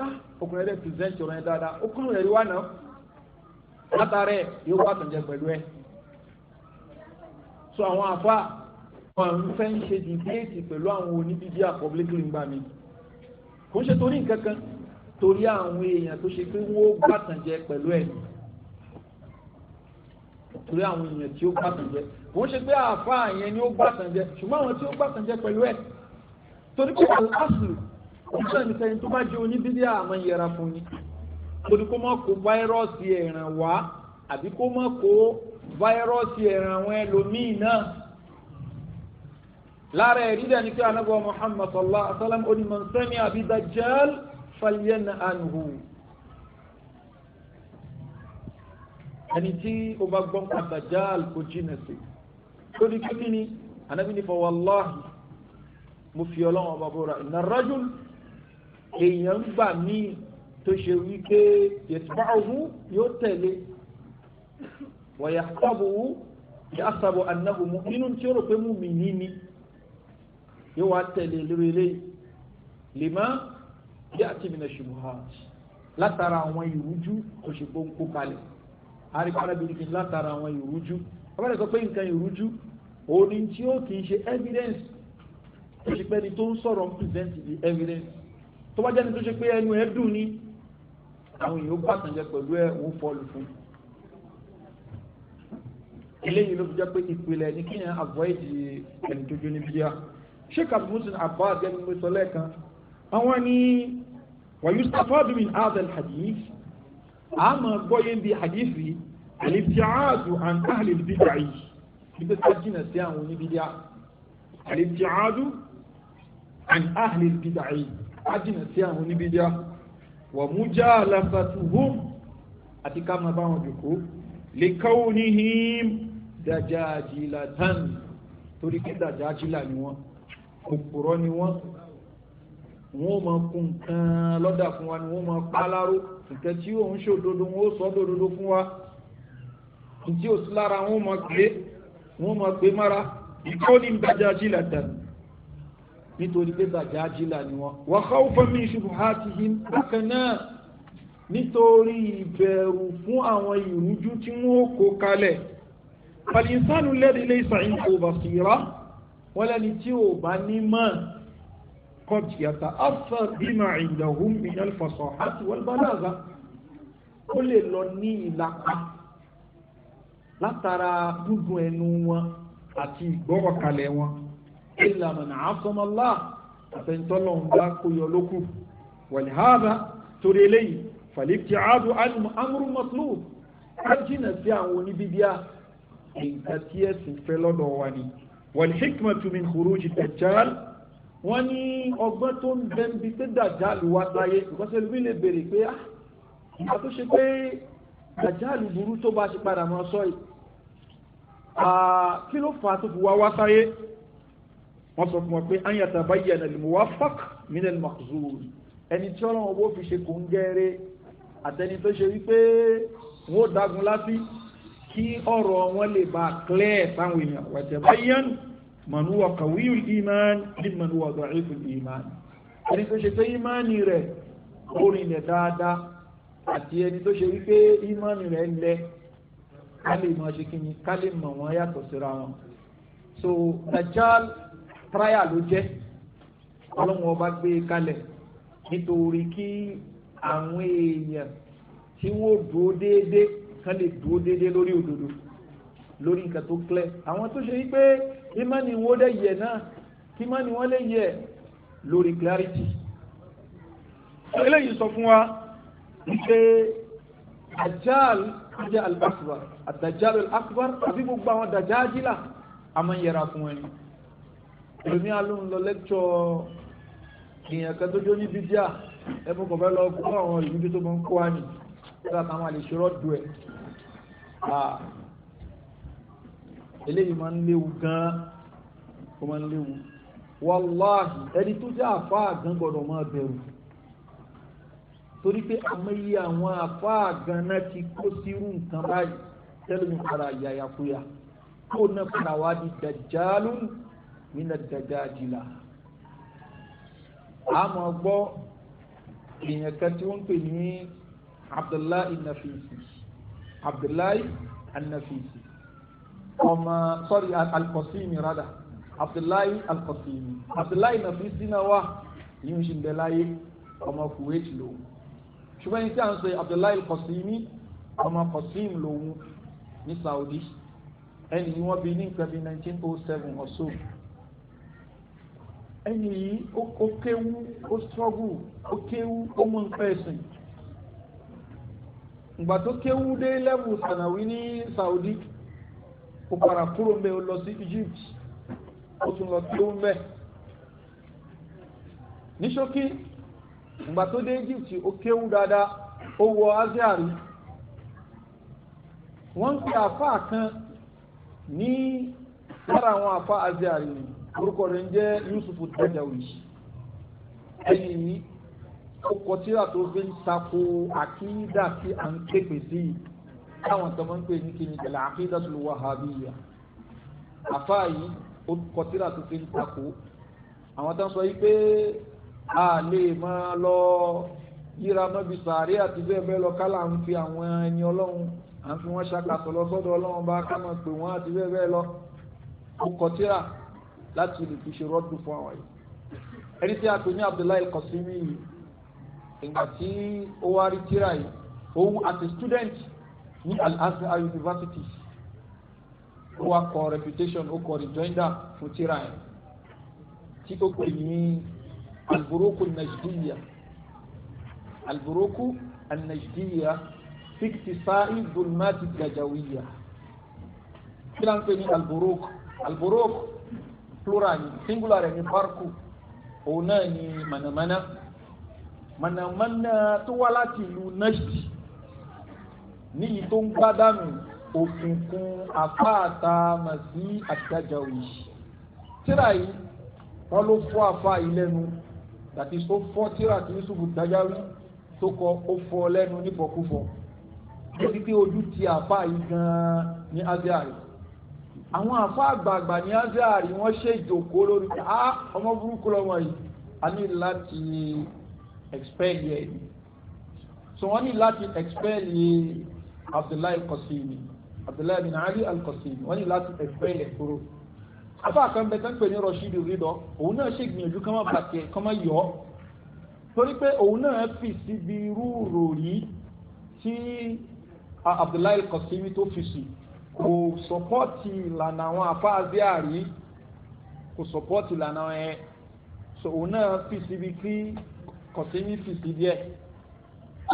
ọkùnrin rẹ̀ pìrìsẹ́ǹtì ọ̀rọ̀ yẹn dáadáa ó kúrò ẹ̀rí wá náà látàrẹ̀ yóò wá àtúnjẹ pẹ̀lú ẹ̀ so àwọn àfa wọn ń fẹ́ ń ṣe dìbéètì pẹ̀lú àwọn oníbíbí àpọ̀bílíkì ń gbà mí kò ń ṣe torí nǹkan kan torí àwọn èèyàn tó ṣe pé wọ́n ó gbàtànjẹ pẹ̀lú ẹ̀ torí àwọn èèyàn tí ó gbàtànjẹ kò ń ṣe pé àfa yẹn ni ó gbàtànjẹ ṣùgbọ́n àwọn tí ó gbàtànjẹ pẹ̀lú ẹ̀ torí pé àlásùlù nígbà nìkan tó bá jẹ́ oníbídíà àmọ́ yẹra fún ni torí kó má kó fáírọ́ọ̀sì ẹ̀ràn wá àbí kó má kó fáírọ́ọ̀sì ẹ̀ràn àwọn ẹlòmíì náà lára ẹ̀rí dẹ̀ ni anábọ̀ Muhammad sallallahu alaihi onímọ̀ sẹ́mi àbí dajjal falyana anhu. ẹni tí o bá gbọ́n pa dajjal kò jìnà sí lórí kíkí ni anábì ní fa mo fi ọlọ́wọ́n bá bóra inna rajul èèyàn gbà míì tó ṣe wípé yẹtùbáwù yóò tẹ̀lé wọ̀yà sábòwù yà sábò anáhùnmù nínú tí ó rò pé mú mi ní ni yóò wá tẹ̀lé lórí eléyìí lèmọ́ bí àti mìíràn ṣubuhat látara àwọn ìrújú òṣèpọ̀ ń kó kalẹ̀ àríkàràbìnrin látara àwọn ìrújú ọbẹ̀rẹ̀ sọ pé nǹkan ìrújú òní tí ó kì í ṣe evidence òṣèpẹ́ni tó ń sọ̀rọ̀ ń present the evidence tó bá jẹ́ni tó ṣe pé ẹnu ẹ̀ dùn ní àwọn èèyàn bá tàn jẹ pẹ̀lú ẹ̀ wọ́n fọlù fún eléyìí ló fi jẹ́ pé ìpìlẹ̀ ní kíyàn avoid ẹni tó jó ní bíyà sheikh abdulmusin abba jẹ́ni mo sọ lẹ́ẹ̀kan àwọn ni wàyústafadu min adal hadith àmọ́ gbọ́yé ń bi hadith yìí alìtìáàdù àn áhàlì bíbá yìí ibi ká jìnà sí àwọn oníbíyà alìtìáàdù àn áhàlì bíbá yìí ájìnà sí àwọn oníbídíà wọ́n mú já alábàtú hóm àti ká máa bá wọn jòkó lè káwọ́ ní hím dàjàjìlá tán torí pé dàjàjìlá ni wọ́n òpùrọ́ ni wọ́n wọ́n máa kún nǹkan lọ́dà fún wa ni wọ́n máa pa láró nǹkan tí òun ṣòdodo wọn ó sọ dòdodo fún wa nǹkan tí ò sí lára máa gbé wọn máa gbé mára ìkọ́ni dàjàjìlá tán nítorí pé bàjájìlá ni wọn. wa khawfan min shubuhatihim bákan náà nítorí ìbẹ̀rù fún àwọn ìrújú tí wọ́n kó kalẹ̀. fal-insanu alladhi laysa 'indahu basira wọ́n lẹ́ni tí ò bá ní mọ́ قد يتأثر بما عندهم من الفصاحة والبلاغة ó lè lọ ní ìlàpá látara gúngun ẹnu wọn àti ìgbọ́kọ̀kalẹ̀ wọn illa man asama Allah àfẹnitọ́lọ̀ ń bá kó yọ lókù wàlíhàbà torí eléyìí fàlíkì àádọ́ amúrú mọ́tò kájínà sí àwọn oníbíbíà nǹkan tí ẹ̀sìn fẹ́ lọ́dọ̀ wa ni wàlíhìkìmọ̀tù min khuruji dajjal wọ́n ní ọgbọ́n tó ń bẹ́ níbi pé dajjal wá sáyé nǹkan sẹ́lẹ̀ lè béèrè pé ah ìgbà tó ṣe pé dajjal burú tó bá ṣe padà mọ́ sọ́yì kí ló fà á tó fi wá wá sáyé wọ́n sọ fún wọn pé an yatabayyana al-muwaffaq min al-maqzul ẹni tí ọlọ́run owó fi ṣe kò ń gẹ́rẹ́ àtẹni tó ṣe wípé wọ́n dagun láti kí ọ̀rọ̀ wọn lè bá clear táwọn èèyàn wa yatabayyanu man huwa qawiyul iman mimman huwa da'iful iman ẹni tó ṣe pé ìmánì rẹ̀ orin ilẹ̀ dáadáa àti ẹni tó ṣe wípé ìmánì rẹ̀ lẹ ká lè mọ̀ ṣe kí ni ká lè mọ̀ wọ́n yàtọ̀ síra wọn. so Dajjal trial ló jẹ́ ọlọ́run ọba gbé e kalẹ̀ nítorí kí àwọn èèyàn tí wọ́n dúró déédéé kán lè dúró déédéé lórí òdodo lórí nǹkan tó clear àwọn tó ṣe wípé ìmánì wọ́n dẹ̀ yẹ náà kí ìmánì wọ́n lè yẹ lórí clarity eléyìí sọ fún wa wípé àjáàl àjáàl akbar àdájáàl akbar àbí gbogbo àwọn dàjáàjìlá àmọ́ yẹra fún ẹni èmi alóhùn lọ lẹ́kṣọ̀ èèyàn kan tó jó ní bídíà ẹ̀mú kò fẹ́ lọ kó àwọn ìlú tó máa ń kó wa nì nígbà táwọn àlè ṣe rọ́ọ̀dù ẹ̀ eléyìí máa ń léwu gan-an ó máa ń léwu wàláhì ẹni tó jẹ́ àfáà gan gbọ́dọ̀ máa bẹ̀rù torí pé àmọye àwọn àfáà gan náà ti kó sírú nǹkan báyìí tẹ́lẹ̀ mi padà yàyàkuyà kó náà padà wá di dàjálù nínú dajajila a máa gbọ́ èèyàn kan tí wọ́n ń pè ní abdullahi nafisi abdullahi anafisi ọmọ sọ́rí alkọ̀síìmì rádà abdullahi alkọ̀síìmì abdullahi nafisi náà wà yíyún sí ń bẹ láyé ọmọ kuwait lòun ṣùgbọ́n ní tí a ń sọ abdullahi alkọ̀síìmì ọmọ kọ̀síìm lòun ní saudi ẹni wọ́n bí ní nǹkan bí 1907 or so. ẹni yìí ó kéwú ó struggle ó kéwú ó mú nǹkan ẹ̀sìn ìgbà tó kéwú dé lẹ́wù sànàwí ní Saudi ó para kúrò mbẹ ó lọ sí Egypt ó tún lọ kéwú mbẹ ní ṣókí ìgbà tó dé Egypt ó kéwú dáadáa ó wọ Asia rí wọ́n ń pe àfa kan ní lára àwọn àfa Asia rí ni. orúkọ rẹ̀ ń jẹ́ Yusuf Tẹ́lẹ̀wì ẹni yìí ó kọ tíra tó fi ń tako àkídà tí à ń képe sí i táwọn tó máa ń pè ní kíni tẹ̀lé àkídà tó lè wá Wàhábíyà àfa yìí ó kọ tíra tó fi ń tako àwọn tó ń sọ yìí pé a lè máa lọ yíra mọ́bi sàárè àti bẹ́ẹ̀ bẹ́ẹ̀ lọ kálá ń fi àwọn ẹni ọlọ́run à ń fi wọ́n ṣàkàtọ̀ lọ sọ́dọ̀ ọlọ́run bá ká máa pè wọ́n àti bẹ́ẹ̀ bẹ́ẹ̀ lọ ó kọ tíra láti lè fi ṣe rọ́dù fún àwọn yìí ẹni tí a pè ní Abdullahi Qasimi yìí ìgbà tí ó wá rí tíra yìí òun àti student ní Al-Azhar University ó wá kọ reputation ó kọ rejoinder fún tíra yìí tí ó pè ní Al-Buruq An-Najdiyyah Al-Buruq an kí ló ń pè ní Al-Buruq plural ni singular rẹ̀ ni barku òun náà ni mànàmáná mànàmáná tó wá láti ìlú nashti níyì tó ń gbádànù òkùnkùn àpáàtà màsí àtijọ́ yìí tíra yìí wọ́n ló fọ́ àfa ìlẹ́nu tàbí tó fọ́ tíra tí yusufu dájáwí tó kọ ó fọ́ lẹ́nu nífọ̀kúfọ̀ títí ojú ti àfa yìí gan-an abẹ́ àrẹ àwọn àfa àgbààgbà ní azari wọ́n ṣe ìjòkó lórí a ah, ọmọ burúkú lọ́wọ́ yìí a ní láti expel yẹ ni so wọ́n ní láti expel yẹ Abdullahi Qasimi Abdullahi bin Ali al-Qasimi wọ́n ní láti expel yẹ kúrò afa kan bẹ tán pè ní Rasheed Ridho òun náà ṣe ìgbìyànjú kán má bàtẹ kán má yọ torí pé òun náà fi síbi irú ròrí tí Abdullahi al tó fi sí kò sọpọ́ọ̀tì ìlànà àwọn afáàzí àrí kò sọpọ́ọ̀tì ìlànà ẹ̀ so òun náà fi síbi kí kọ̀sẹ́yìn fi sí díẹ̀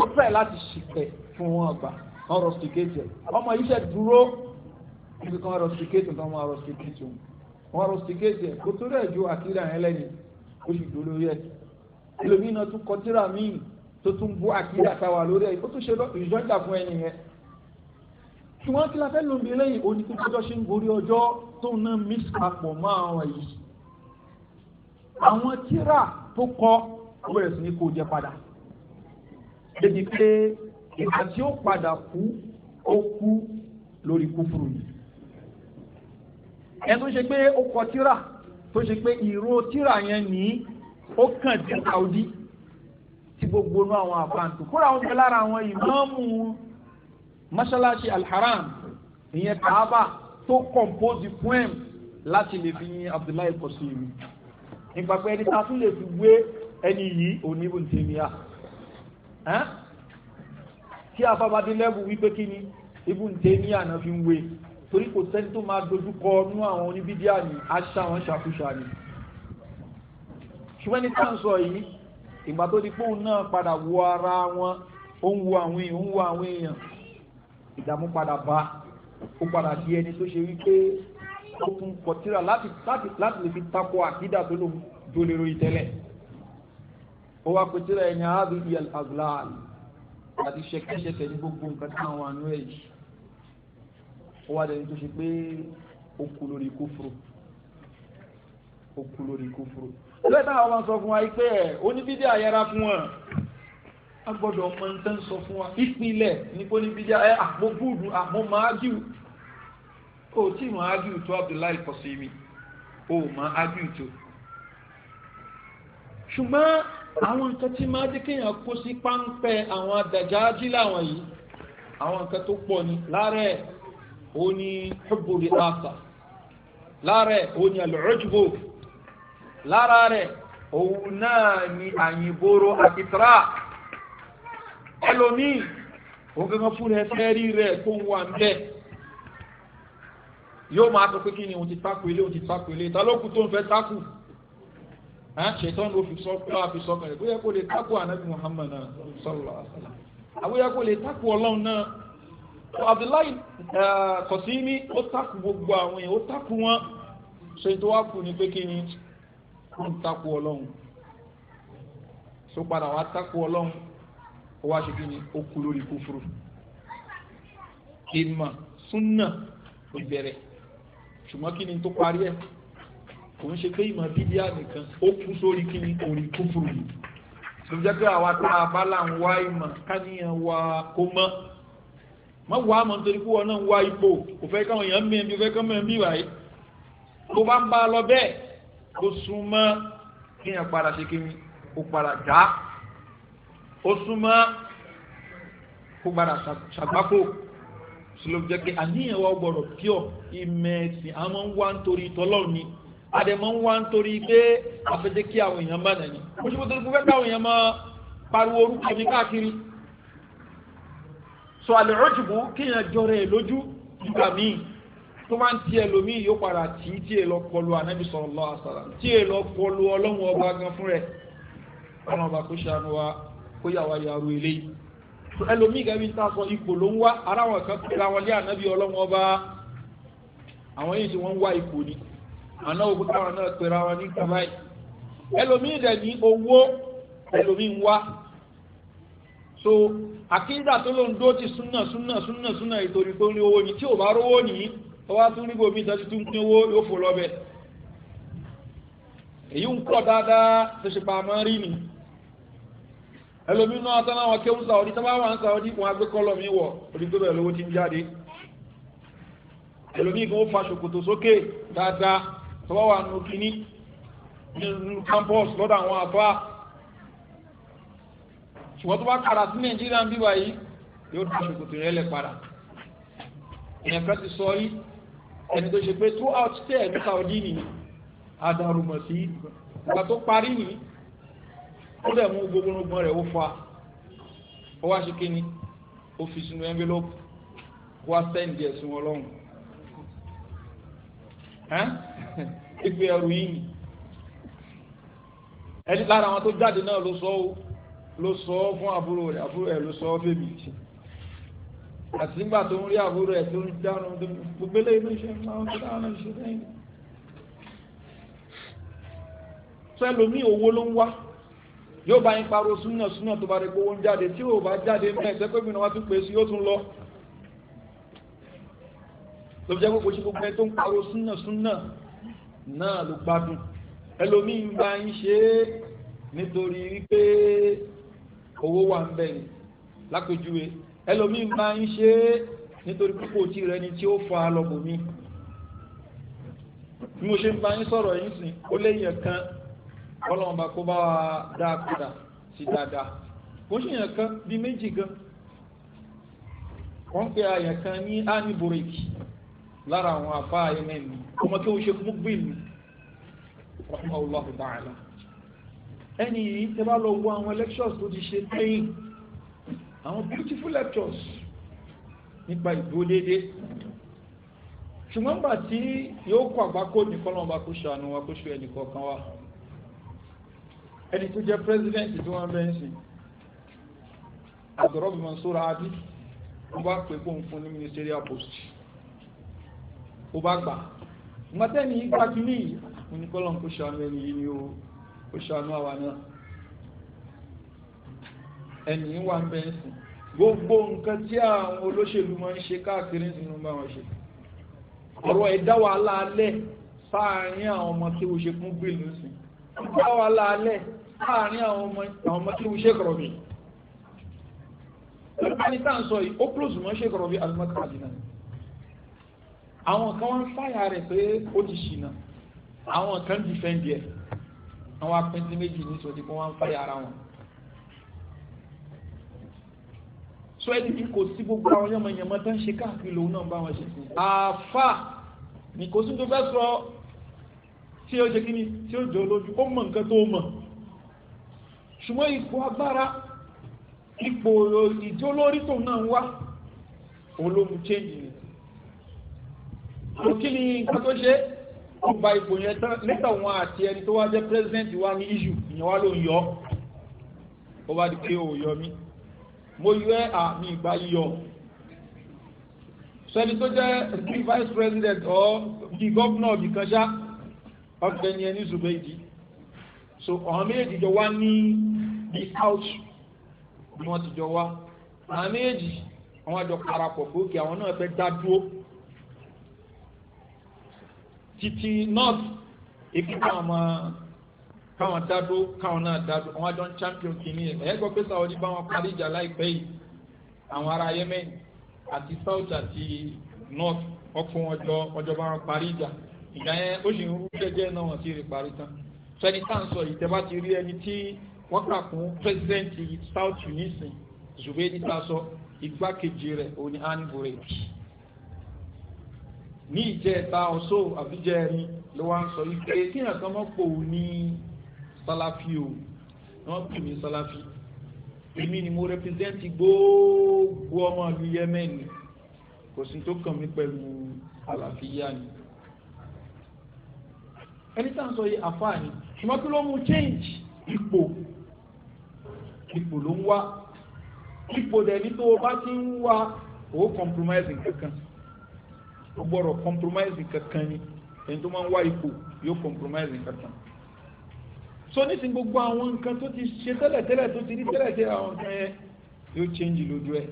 ó fẹ́ láti ṣìpẹ̀ fún wọn àgbà wọn rọ̀sìkéètì ẹ̀ ọmọ iṣẹ́ dúró níbi kan rọ̀sìkéètì kan wọn rọ̀sìkéètì òun wọn rọ̀sìkéètì ẹ̀ kó tó rẹ̀ ju àkírà yẹn lẹ́yìn ó sì dúró lórí ẹ̀ ẹlòmíràn tún kọtíra míì tó tún bú àkírà táwa lórí ẹ̀ ó tún ṣe ìjọ́jà ṣùgbọ́n kí la fẹ́ lóun bí lẹ́yìn òní tó tọ́jọ́ ṣe ń gorí ọjọ́ tó ná mix papọ̀ mọ́ àwọn yìí àwọn tíra tó kọ ó bẹ̀rẹ̀ sí ní kó jẹ padà débi pé ìgbà tí ó padà kú ó kú lórí kúfùrù yìí ẹni tó ṣe pé ó kọ tíra tó ṣe pé ìró tíra yẹn ní ó kàn dé Saudi tí gbogbo inú àwọn àbáǹtò kúrò àwọn ọmọ lára àwọn ìmáàmù wọn mọ́ṣáláṣí alharam ìyẹn kaaba tó kọ̀mpóòsì poem láti lè fi yin abdullahi kọ́sìmì nípa pé ẹni tá a tún lè fi wé ẹni yìí òní ibùn tèmíà tí afábádé lẹ́bù wípé kí ni ibùn tèmíà náà fi ń wé torí kò sẹ́ni tó máa dojú kọ nú àwọn oníbídíà ni aṣá àwọn ṣàkóṣà ni ṣùgbọ́n ní tá à ń sọ yìí ìgbà tó di pé náà padà wo ara wọn ó ń wo àwọn èèyàn ó ń wo àwọn èèyàn ìdààmú padà bá ó padà di ẹni tó ṣe wípé ó tún kọ tírà láti láti láti lè fi takò àkídà tó ló dolero ìtẹ́lẹ̀ ó wá pé tírà ẹni ààbò ìyẹn àgbàlá àti ṣẹkẹṣẹkẹ ní gbogbo nǹkan tí àwọn àánú ẹ yìí ó wá dẹni tó ṣe pé ó kú lórí kúfúrú ó kú lórí kúfúrú lẹ́tà àwọn sọ fún wa pé ẹ oníbídé àyẹra fún wọn a gbọ́dọ̀ mọ ní tán sọ fún wa ìpínlẹ̀ nípo níbi díà ẹ àpò búùdù àmọ máa jù ó tí mà á jù tó Abdullahi Qasimi ó mà á jù tó ṣùgbọ́n àwọn nǹkan tí máa jẹ́ kéèyàn kó sí páńpẹ́ àwọn adàjáájí làwọn yìí àwọn nǹkan tó pọ̀ ni lára ẹ̀ ní hubbul riasa lára ẹ̀ ní al lára rẹ̀ òun náà ni àyìnbóró àti tíráà ẹlòmíì òun kankan fún rẹ fẹ́ẹ́rí rẹ kó ń wà ń bẹ́ẹ̀ yóò máa sọ pé kí ni òun ti takò ilé òun ti takò ilé ta ló kù tó ń fẹ́ takò ṣètò ló fi sọ pé àfi sọ kẹrẹ bóyá kó lè takò ànábì Muhammad náà sallallahu alaihi wasallam àbóyá kó lè takò ọlọ́run náà Abdullahi Qasimi ó takò gbogbo àwọn èèyàn ó takò wọn ṣètò wa kù ni pé kí ni ó ń takò ọlọ́run tó padà wá takò ọlọ́run ó wá ṣe kí ni ó kú lórí kúfúrú ìmọ̀ súnà ló bẹ̀rẹ̀ ṣùgbọ́n kí ni tó parí ẹ̀ kò ń ṣe pé ìmọ̀ bíbíà nìkan ó kú sórí kí ni orí kúfúrú yìí tó jẹ́ pé àwa tá a bá là ń wá ìmọ̀ káníyàn wa kó mọ́ mọ́ wà á nítorí pé wọn náà ń wá ipò kò fẹ́ káwọn èèyàn mí ẹbí kò fẹ́ káwọn mí ẹbí wáyé tó bá ń bá a lọ bẹ́ẹ̀ kó sún mọ́ kíyàn padà ṣe kí ni ó padà dá ó súnmọ́ kó gbára ṣàgbákò sílòjẹ́gẹ́ àníyàn wa gbọ́dọ̀ pure ìmẹ̀sìn àmọ́ ń wá nítorí tọ́lọ́run ni àdèmọ́ ń wá nítorí pé àfẹ́jẹ́ kí àwọn èèyàn má nàní mo ṣe bótó fún fẹ́ẹ́ àwọn èèyàn máa pariwo orúkọ mi káàkiri sọ àlẹ́ òjìbò kéèyàn jọrọ lójú nígbà míì tó máa ń ti ẹlòmíì yóò padà tì í tí èèlọ kọlu ànábì sallallahu alaihi wasallam tí èèlọ kọlu ọlọ́run ọba gan fún rẹ̀ ọlọ́run ọba kó ṣàánú wa kó yà wá yàrá eléyìí ẹlòmíì gẹ́gẹ́ bí n ta sọ ipò ló ń wá ara wọn kan pèlè àwọn ilé ànábì ọlọ́wọ́n bá àwọn yìí tí wọ́n ń wá ipò ni àná òkú táwọn náà pèlè àwọn ní kaba yìí ẹlòmíì dẹ̀ ní owó ẹlòmíì ń wá so àkíńdà tó ló ń dó ti súnà súnà súnà súnà ìtòrí tó ń rí owó ni tí ò bá rówó nìyí ọwọ́ tún rí bòmí ìtọ́jú tún pín owó yóò fò lọ bẹ̀ èyí ń pọ̀ dáadáa tó ṣe pa àmọ́ rí nìyí ẹlòmí náà tán láwọn kéwù sàwọ́dí tó bá wà ń sàwọ́dí wọn agbé kọ́lọ̀ mi wọ̀ onígbé bẹ̀rẹ̀ lówó ti ń jáde ẹlòmí kan ó fa ṣòkòtò sókè dáadáa tó bá wà nù kíní nínú campus lọ́dọ̀ àwọn àfá ṣùgbọ́n tó bá kàrà sí nàìjíríà ń bíbá yìí yóò dá ṣòkòtò yẹn lẹ̀ padà èèyàn kan ti sọ rí ẹni tó ṣe pé two out ten ní sàwọ́dí nìyí adarumọ̀ sí ìgbà tó parí nìyí ó dẹ̀ mú gbogbo ọgbọ́n rẹ̀ ó fa ó wá ṣe kíni ó fi sínú envelope kó wá sẹ́ǹdì ẹ̀sùn ọlọ́run ìgbé ẹrù yìí ẹni lára àwọn tó jáde náà ló sọ ó ló sọ ọ fún àbúrò rẹ̀ àbúrò ẹ̀ ló sọ ọ fèmí àti nígbà tó ń rí àbúrò ẹ̀ tó ń dáná tó ń gbélé inú iṣẹ́ máa ń dáná iṣẹ́ lẹ́yìn. sẹ́lómi owó ló ń wá yóò bá yín pariwo súnà súnà tó bá rẹ gbowó ń jáde tí yóò bá jáde mẹ́rin sẹ́pẹ́ mi náà wá tún pè sí yóò tún lọ. ló fi jẹ́ gbogbo ṣe gbogbo ẹ tó ń pariwo súnà súnà náà ló gbádùn ẹlòmíín bá yín ṣe é nítorí wípé owó wà ń bẹ̀ yín lápèjúwe ẹlòmíín bá yín ṣe é nítorí púpọ̀ tí rẹ ni tí ó fa lọ́bùnmí. bí mo ṣe ń bá yín sọ̀rọ̀ yín sìn ó léyìn ẹ̀ kan kọ́lọ́wọ́n bá kó bá wa dá a padà sí dáadáa kò sí yàn kan bí méjì gan wọ́n pe àyàn kan ní áni bòrèkì lára àwọn afá ayẹmẹ mi ọmọ kí wọ́n ṣe mú gbé mi rahmanullah ta'ala ẹni yìí tẹ bá lọ wo àwọn lectures tó ti ṣe lẹ́yìn àwọn beautiful lectures nípa ìdúró déédéé ṣùgbọ́n gbà yóò kọ́ àgbákò nìkan lọ́wọ́ bá kó ṣàánú wa kó ṣe ẹnìkọ̀ọ̀kan wa ẹni tó jẹ́ pírẹsidẹ́ǹtì tí wọ́n bẹ́ẹ̀ sìn àgọ́rọ́bì Mansour Hadi wọ́n bá pè fún fún ní ministerial post ó bá gbà mọ́tẹ́ni ìgbà kìíní oníkọ́lọ́n kò ṣàánú ẹni yìí ni ó ṣàánú àwa náà ẹni wà ń bẹ́ẹ̀ sìn gbogbo nǹkan tí àwọn olóṣèlú máa ń ṣe káàkiri nínú bá wọn ṣe ọ̀rọ̀ ẹ̀dá wàhálà alẹ́ sáàárín àwọn ọmọ tí ó ṣe fún gbìlú sí ẹ̀dá wàhálà alẹ́ láàrin àwọn ọmọ àwọn ọmọ tí wọ́n ṣe kọ̀rọ̀ mi ẹni tá à ń sọ yìí ó close mọ́ ṣe kọ̀rọ̀ bí alimọ́kàlì náà àwọn kan wọ́n fàyà rẹ̀ pé ó ti ṣìnà àwọn kan defend ẹ̀ àwọn apẹ́ntì méjì ní sọ́dí pé wọ́n fàyà ara wọn. sọ ẹni tí kò sí gbogbo àwọn yọmọ yẹn mọ ń ṣe káàkiri lòun náà bá wọn ṣe sí. àáfà ní kò sí tó fẹ́ sọ tí ó ṣe kí ni tí ó jọ lójú ó mọ nǹkan tó mọ̀ ṣùgbọ́n ipò agbára ipò ìdí olórí tó náà ń wá olóhùn change ni kí ni nǹkan tó ṣe ó gba ipò yẹn tán lẹ́tà wọn àti ẹni tó wá jẹ́ president wa ní issue ìyẹn wá ló ń yọ ó bá di pé ó yọ mí mo yọ àmì ìgbà yíyọ sẹ́ni tó jẹ́ vice president ọ́ bí governor bí kan ṣá ọ̀gbẹ́ni ẹni zùbẹ́ so ọ̀hún méjèèjì jọ wá ní the house ni wọ́n ti jọ wá àwọn méjì àwọn àjọ parapọ̀ gbòógì àwọn náà fẹ́ dá dúró títí north èkó káwọn káwọn dá dúró káwọn náà dá dúró àwọn àjọ champion kìíní ẹ̀ ẹ́ gbọ́ pé Saudi bá wọn parí ìjà láìpẹ́ yìí àwọn ará Yemen àti south àti north ọkùn ọjọ́ ọjọ́ bá wọn parí ìjà ìgbà yẹn ó sì ń rú jẹ́jẹ́ náà wọ́n ti rí parí tán sọ tá à ń sọ yìí ti rí ẹni tí wọ́n kà kún pẹ́sidẹ́ǹtì south tunisian zubedi taso igbákejì rẹ̀ òní anibúrẹ́dì ní ìjẹta ọ̀ṣọ́ àbíjẹ́rin ló wá ń sọ ike kí ni àtọ́ mọ́ pò ní sálàfí o wọ́n pè mí sálàfí èmi ni mo rẹpẹsẹ́ǹtì gbogbo ọmọ ìlú yemen kò sí tó kàn mí pẹ̀lú àlàfíà ni ẹni tá à ń sọ yìí àfáà ni ṣùgbọ́n ló mú change ipò ipò ló ń wá ipò dẹ̀ ní tó o bá ti ń wá o compromise kankan o gbọ́dọ̀ compromise kankan ni ẹni tó máa ń wá ipò yóò compromise kankan so ní sin gbogbo àwọn nǹkan tó ti ṣe tẹ́lẹ̀tẹ́lẹ̀ tó ti rí tẹ́lẹ̀tẹ́lẹ̀ àwọn nǹkan yẹn yóò change lójú ẹ̀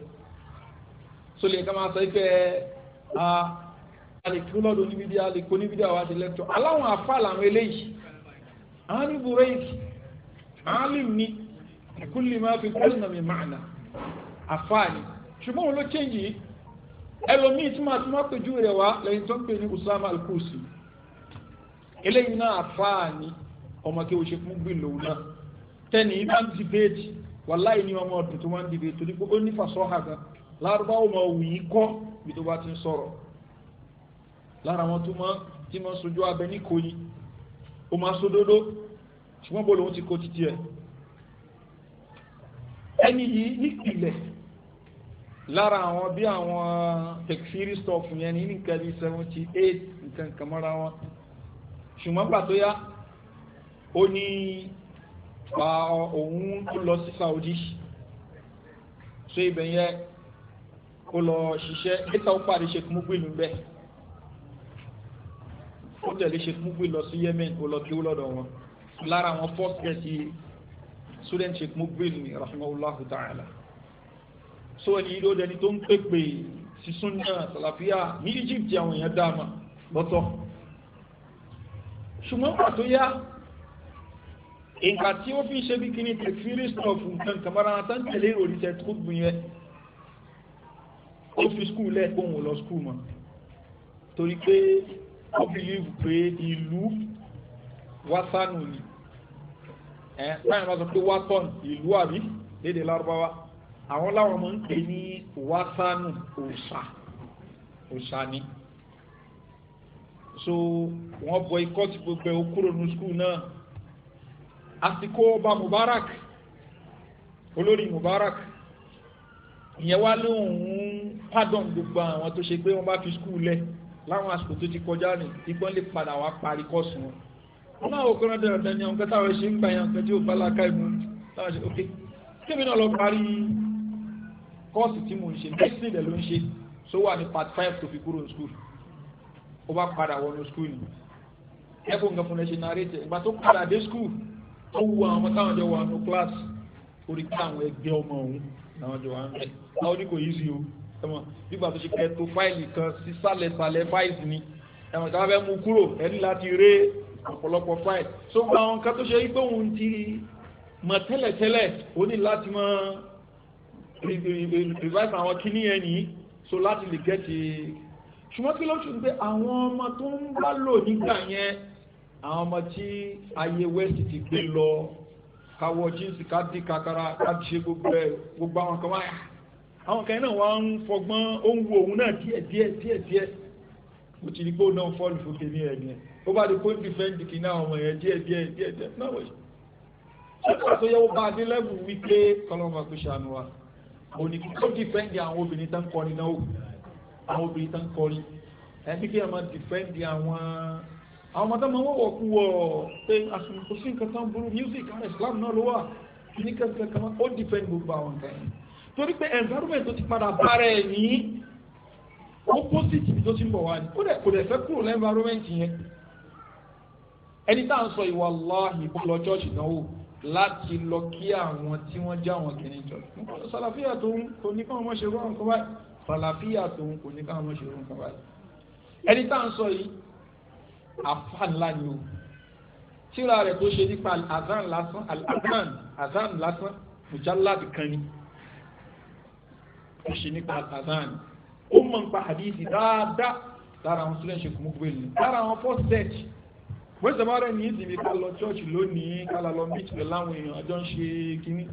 so lè ká máa sọ pé a àlèkú lọ́dọ̀ oníbídí àlèkú oníbídí àwọn àti lẹ́tọ̀ aláwọn àfa làwọn eléyìí àwọn ní burẹ́ẹ̀kì àwọn ní kulli ma fi kalima mi ma'na àfáàní ṣùgbọ́n wọn ló change yìí ẹlòmíì tí màá tún má pèjú rẹ̀ wá lẹ́yìn tó ń pè ní Usama al-Kursi eléyìí náà àfáàní ọmọ kí o ṣe fún gbìn lòun náà tẹ́ni bá ń dìbéètì wàláì ní ọmọ ọdún tó wá ń dìbéètì torí pé ó ní fasọ́hà gan lárúbáwò máa wù yí kọ́ bí tó bá ti ń sọ̀rọ̀ lára wọn tó máa tí máa sojú abẹ ní kò ó máa sódódó ṣùgbọ́n bó lòun ti kó títí ẹ̀ ẹni yìí nípìnlẹ̀ lára àwọn bí àwọn tekfiri stọf yẹn ní nǹkan bíi seventy eight nǹkan kan wọn ṣùgbọ́n gbà yá ó ní òun tó lọ sí Saudi so ibẹ̀ yẹn kó lọ ṣiṣẹ́ níta ó parí ṣe kúmúgbì lù bẹ́ẹ̀ ó tẹ̀lé ṣe kúmúgbì lọ sí Yemen ó lọ kí ó lọ́dọ̀ wọn lára àwọn first guest yìí student sheikh mukbil ni rahimahullahu ta'ala so ẹni yìí ló dẹni tó ń pèpè sí sunna sàlàfíà ní egypt àwọn èèyàn dáama lọ́tọ̀ ṣùgbọ́n pàtó yá nǹkan tí ó fi ṣe bí kíní tẹ fírí sọ̀fù nǹkan kàmára náà tán tẹ̀lé ìròyìn tó gbìn yẹn ó fi skul lẹ̀ kó òun lọ skul mọ́ torí pé ó bìlíìfù pé ìlú wásánù ni ẹ̀ eh, báyìí wọ́n sọ pé wátọ́n ìlú àbí léde lárúbáwá àwọn láwọn máa ń pè ní wásánù òòṣà òòṣà ni so wọ́n bọ ikọ́ ti gbogbo ẹ̀ kúrò ní skul náà àsìkò ọba Mubarak olórí Mubarak ìyẹn wá lóhùn pardon gbogbo àwọn tó ṣe pé wọ́n bá fi skul lẹ̀ láwọn àsìkò tó ti kọjá ní ìgbọ́n lè padà wá parí kọ́ọ̀sì wọn náà ó kọ́nà dandan ni àwọn nǹkan táwọn ṣe ń gbà yàn nǹkan tí ó bá láka ìmú táwọn ṣe ok kébì náà lọ parí kọ́ọ̀sì tí mò ń ṣe bẹ́sì rẹ̀ ló ń ṣe so wà ní part five tó fi kúrò ní school ó bá padà wọnú school ni ẹ̀kọ́ nǹkan fún ẹ ṣe narrate ìgbà tó padà dé school ó wu àwọn ọmọ táwọn jọ wà nù class orí kí àwọn ẹgbẹ́ ọmọ òun làwọn jọ wà ń bẹ̀ táwọn ní kò yí sí o ẹ̀mọ́ nígbà tó ni ẹ̀mọ́ táwọn fẹ́ mú kúrò ẹni ọ̀pọ̀lọpọ̀ fáìl so gba àwọn nǹkan tó ṣe pé òun ti mọ̀ tẹ́lẹ̀tẹ́lẹ̀ ó ní láti mọ revise àwọn kíní yẹn nìyí so láti lè gẹ́tì ṣùgbọ́n kí ló ṣe pé àwọn ọmọ tó ń bá lò nígbà yẹn àwọn ọmọ tí ayé west ti gbé lọ káwọ jíǹsì ká dín kakara ká ṣe gbogbo ẹ gbogbo àwọn kan wáyà àwọn kan náà wọn ń fọgbọ́n ó ń wo òun náà díẹ̀ díẹ̀ díẹ̀ díẹ̀ mo ti rí pé náà fọ́ọ̀lù fún kèmí ẹ̀ nìyẹn ó bá di kó dìfẹ́ǹdì kì náà ọmọ yẹn díẹ̀ díẹ̀ díẹ̀ díẹ̀ náà wọ̀ ṣùgbọ́n tó yẹ ó bá dé lẹ́bù wípé kọlọ́mà kò ṣàánú wa òní kó dìfẹ́ǹdì àwọn obìnrin tán kọrin náà àwọn obìnrin tán kọrin ẹbí kí ẹ máa dìfẹ́ǹdì àwọn àwọn ọmọdé máa wọ̀wọ̀ kú wọ̀ pé àsìkò kò sí nǹkan tán burú music àwọn Islam náà ló wà ní kankan kan ó dìfẹ́ǹdì gbogbo àwọn nǹkan yẹn torí pé environment tó ti padà bára ẹ̀ ní opposite ibi ẹni tá à ń sọ ìwà aláhi bó lọ chọ́ọ̀chì náà wò láti lọ kí àwọn tí wọ́n já wọn kìíní jọ sàlàfíà tó ń kò ní káwọn ṣe rọrùn kan báyìí sàlàfíà tó ń kò ní káwọn ṣe rọrùn kan báyìí ẹni tá à ń sọ yìí àfa ńlá ni o tíra rẹ̀ tó ṣe nípa azan lásán azan azan lásán mujallad kan ni ó ṣe nípa azan ó mọ̀ nípa hadithi dáadáa lára àwọn student ṣe kò mú gbé ni lára àwọn first gbèsè máa rẹ̀ ní ìdìbí ká lọ church lónìí ká la lọ meet pẹ̀lú àwọn èèyàn àjọ ń ṣe kínní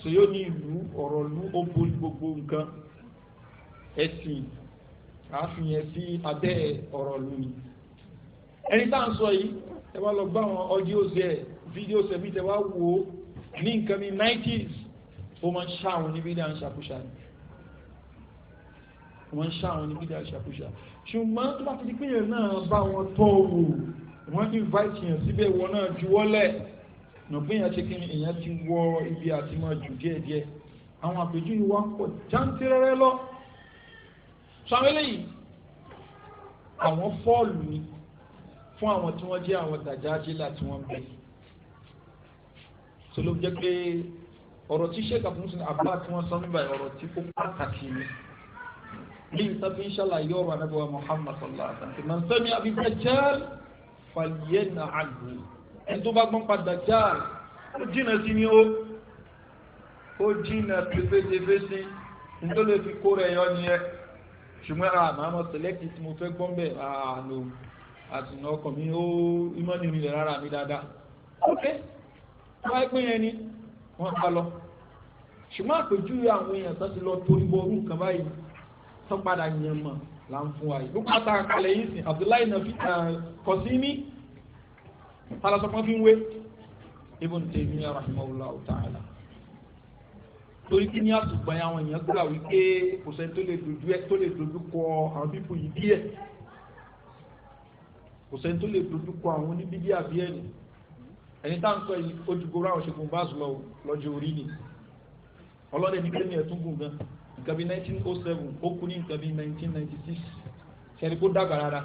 ṣe yóò ní ìlú ọ̀rọ̀ ìlú ó gbogbo nǹkan ẹ̀sìn àfihàn sí abẹ́ ọ̀rọ̀ ìlú ni ẹni tá à ń sọ yìí ẹ wá lọ gbá àwọn audios ẹ videos ẹ bí tẹ wá wò ó ní nǹkan bíi nineties ó máa ń ṣàwọn níbi dá ń ṣàkóṣà ni wọ́n ń ṣàwọn níbi dá ń ṣàkóṣà ni ṣùgbọ́n tó bá ti di pé yẹn náà bá wọn tọ́ wò wọ́n ti invite yẹn síbẹ̀ wọn náà juwọ́lẹ̀ nàgbé yẹn ṣe kíni èèyàn ti wọ ibi àti máa jù díẹ̀díẹ̀ àwọn àpèjúwe wa pọ̀ jántìrẹ́rẹ́ lọ sọ àwọn eléyìí àwọn fọ́ọ̀lù ni fún àwọn tí wọ́n jẹ́ àwọn dàjájílà tí wọ́n bẹ̀. sọlọ́ jẹ́ pé ọ̀rọ̀ tí sheikh abdulmusin abba tí wọ́n sọ níbàyí ọ̀rọ̀ tí kò pàtàkì ni ní ìtàbí ṣàlàyé ọ̀rọ̀ anábíwá Muhammad sallallahu alaihi wa sallam man sami'a bi dajjal fàlìyẹ́nà àgbò ẹni tó bá gbọ́n pa dajjal ó jìnà sí ni ó ó jìnà pépéjepé sí nítorí fi kó rẹ̀ yọ ni ẹ ṣùgbọ́n a ah, máa mọ̀ sẹ̀lẹ́kì tí mo fẹ́ gbọ́n bẹ̀ àánú ah, àtùnà ọkàn mi ó ìmọ̀ ní ìrìnlẹ̀ rárá mi dáadáa ok wọ́n á pín yẹn ni wọ́n á lọ ṣùgbọ́n àpèjúwe àwọn èèyàn tó ti lọ torí bọ orú nǹkan báyìí tó padà yẹn mọ̀ là ń fún wa yìí ló pátá kalẹ̀ yìí sìn Abdullahi nàfi eh, kò sí ní talasọ́pọ́n fi ń wé Ibn Taymiyyah rahimahullah ta'ala torí kí ní àtùgbà yẹn àwọn èèyàn gbà wípé kò sẹ́ni tó lè dojú ẹ tó lè dojú kọ àwọn bíbù yìí díẹ̀ kò sẹ́ni tó lè dojú kọ àwọn oníbíbí àbí ẹ̀yìn ẹni tá à ń sọ yìí ojúgbòrò àwọn ṣègùn báàsù lọ lọ́jọ́ orí ni ọlọ́dẹ ní kẹ́ni ẹ̀ tún gùn gan nǹkan bíi 1907 ó kú ní nǹkan bíi 1996 ṣẹ́ni kó dàgbà rárá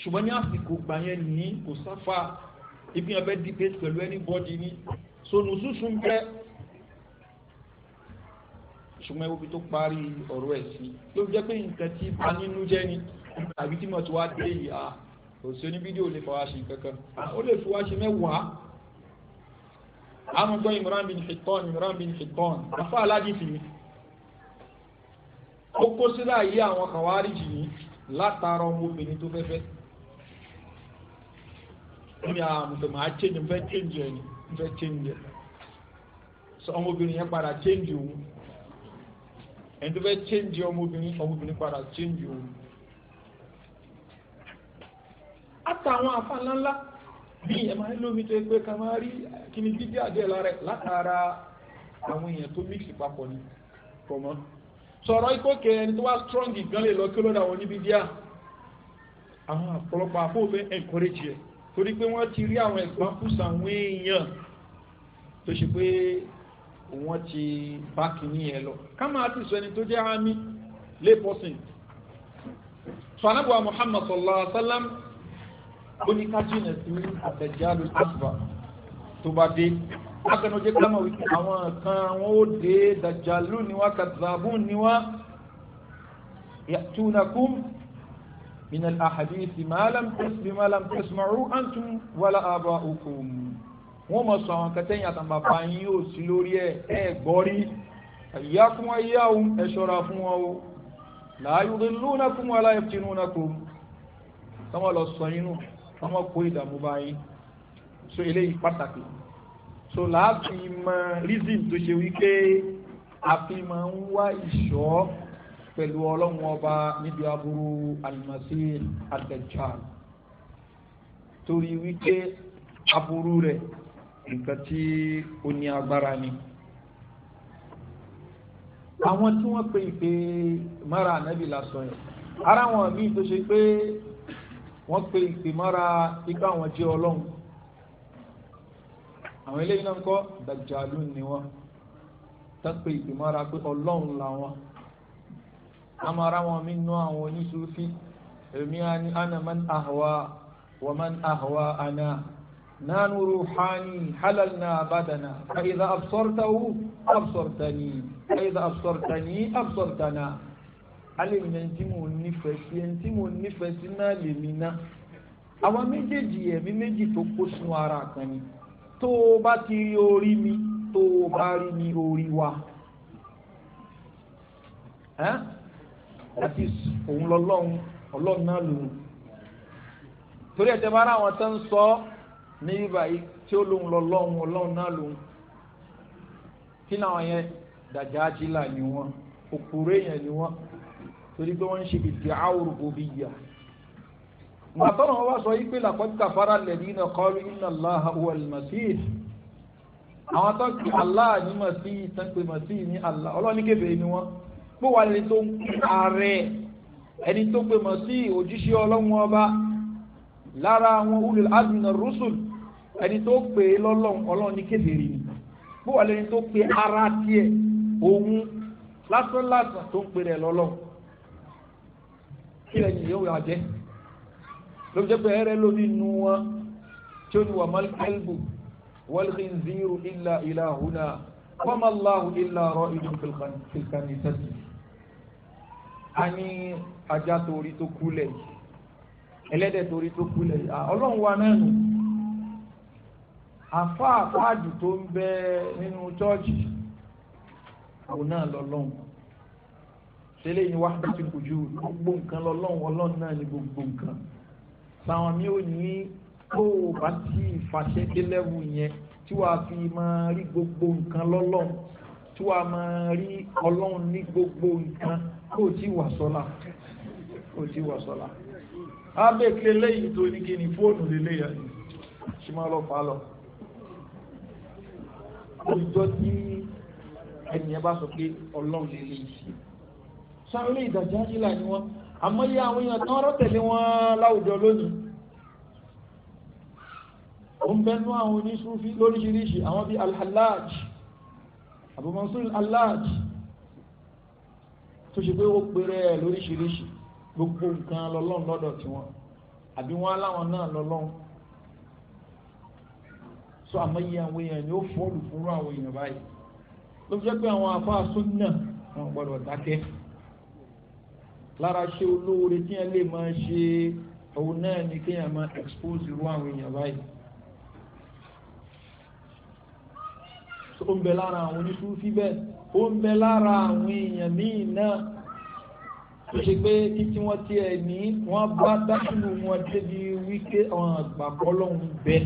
ṣùgbọ́n ní àsìkò gbà yẹn ní kò sáfà ibi yẹn fẹ́ debate pẹ̀lú anybody ní sonu ṣuṣu ń bẹ́ ṣùgbọ́n ibi tó parí ọ̀rọ̀ ẹ̀ sí ló jẹ́ pé nǹkan tí bá nínú jẹ́ ni àbí tí mo ti wá dé yìí à òsì oníbídíò lè fọwọ́ ṣe kankan ó lè fi ṣe mẹ́wàá àwọn gbọ́ Imran bin Hittan Imran bin Hittan afọ́ aládìsí ni ó kó sílẹ̀ ayé àwọn kàwáríjì yìí látara ọmọbìnrin tó fẹ́fẹ́ ní àmùtọ̀mọ̀ fẹ́ ẹ̀ ní fẹ́ change ẹ̀ ọmọbìnrin yẹn padà òun ẹni tó padà change òun bí ẹ máa ń lómi tó pé ká máa rí kíni dídí àdé látara àwọn èèyàn tó mix papọ̀ ni pọ̀ mọ́ sọ̀rọ̀ ikókè ẹni tó wá strong gan lè lọ kí ló dà wọ́n níbi díà àwọn àpọ̀lọpọ̀ àfóòfẹ́ encourage ẹ̀ torí pé wọ́n ti rí àwọn examples àwọn èèyàn tó ṣe pé wọ́n ti bá kìíní ẹ lọ ká máa ti sọ ẹni tó jẹ́ àmì lay person sọ anábọ̀ Muhammad sallallahu alaihi wa sallam ó ní ká jìnà sí àtẹ̀jáde àgbà tó bá dé bákan ojú ká mọ̀ wípé àwọn kan wọn ó dé dàjálù ni wá kàzàbù ni wá yàtúnakùn من الأحاديث ما لم تسمع ما لم تسمعوا أنتم ولا آباؤكم wọ́n mọ̀ sọ àwọn kẹtẹ́yìn àtàbàbà yín ò sí lórí ẹ̀ ẹ̀ gbọ́rí ìyá fún wa yá o ẹ ṣọ́ra fún wa o la yudillunakum wa la yaftinunakum tọ́wọ́ lọ sọ yín nù ọmọ kó ìdààmú báyìí so eléyìí pàtàkì so láti mọ reason tó ṣe wípé a fi máa ń wá ìṣọ́ pẹ̀lú ọlọ́run ọba níbi aburú alimasi adajal torí wípé aburú rẹ̀ nǹkan tí ó ní agbára ni àwọn tí wọ́n pè é pé mara anabi lásán yẹn ara wọn míì tó ṣe pé wọ́n pe ìpèmára ikú àwọn jẹ́ ọlọ́run àwọn eléyìí náà ń kọ́ dàjàlú ni wọ́n tán pe ìpèmára pé ọlọ́run là wọn amara wọn mi nú àwọn oníṣúfí èmi àni ana man àhùwà wa man àhùwà ana nanu ruhani halalna abadana ayi idha absortahu absortani fa idha absortani absortana. a lè yan tí mo nífẹ̀ẹ́ sí ẹni tí mo nífẹ̀ẹ́ sí náà lè mi ná àwọn méjèèjì ẹ̀mí méjì tó kó ara kan ni tó o bá ti rí orí mi tó o bá rí mi orí wa láti òun lọ́lọ́run ọlọ́run náà lòun torí ẹ̀ tẹ́ bá wọn tó ń sọ ní báyìí tí ó lòun lọ́lọ́run ọlọ́run náà lòun kí yẹn dàjà ajílà ni wọn torí pé wọ́n ń ṣe ìdíáwò rububiyya gbàtọ́nà wọn bá sọ yí pé laqad kafara alladhina qalu inna Allaha huwa al-masih àwọn tó kí Allah ní masih tán pé masih ní Allah ọlọ́ni kébèrè ni wọ́n pé wà lè tó ń pè ààrẹ ẹni tó pé masih òjíṣẹ́ ọlọ́run ọba lára àwọn ulul azmi na ẹni tó pè é lọ́lọ́run ọlọ́ni kébèrè ni pé wà lè tó pè ara tiẹ̀ òun lásán lásán tó ń pè rẹ̀ lọ́lọ́run kí lẹ́yìn yóò yà jẹ́ ló jẹ́ pé ẹrẹ́ lómi nu wọn tí ó ní wà mal kalbu wal khinziru illa ilahuna wa ma Allahu illa ra'idun fil khanisati a ní ajá torí tó kúlẹ̀ yìí ẹlẹ́dẹ̀ torí tó kúlẹ̀ yìí ọlọ́run wa náà nù àfa àpáàdù ń bẹ nínú chọ́ọ̀chì òun náà lọ́lọ́run tẹ́lẹ̀ ni wahdatul wujud gbogbo nǹkan lọ́lọ́run ọlọ́run náà ni gbogbo nǹkan táwọn mi ò ní kó o bá ti fàṣẹ dé lẹ́wù yẹn tí wàá fi máa rí gbogbo nǹkan lọ́lọ́run tí wàá máa rí ọlọ́run ní gbogbo nǹkan kó o ti wà sọ́la kó o ti wà sọ́la. abẹ́kẹ́ lẹ́yìn tó ní kí ni fóònù lélẹ́yà ni ṣe máa lọ fà á lọ. olùjọ́ tí ẹnìyẹn bá sọ pé ọlọ́run lélẹ́yìí sáré ìdàjà ìlà ni wọn àmọ́ iye àwọn èèyàn tán rọ́tẹ̀lé wọn láwùjọ lónìí ó ń bẹnu àwọn oníṣúfí lóríṣiríṣi àwọn bíi alhallaj Abu Mansur alhallaj tó ṣe pé ó pèrè ẹ lóríṣiríṣi gbogbo nǹkan lọ́lọ́run lọ́dọ̀ tiwọn àbí wọn aláwọn náà lọ́lọ́run so àmọ́ iye àwọn èèyàn ni ó fọ́ọ̀lù fúnra àwọn èèyàn báyìí ló fi jẹ́ pé àwọn afáàsùn náà wọn gbọ́dọ̀ dákẹ́ lára ṣe olóore tí ẹ lè máa ṣe òun náà ni kéèyàn máa expose irú àwọn èèyàn báyìí. ó ń bẹ lára àwọn oníṣúfí bẹ́ẹ̀ ó ń bẹ lára àwọn èèyàn míì náà tó ṣe pé títí wọ́n ti ẹ̀ ní wọ́n bá dáṣùlù wọn débi wípé àwọn àgbàpọ́lọ́ ń bẹ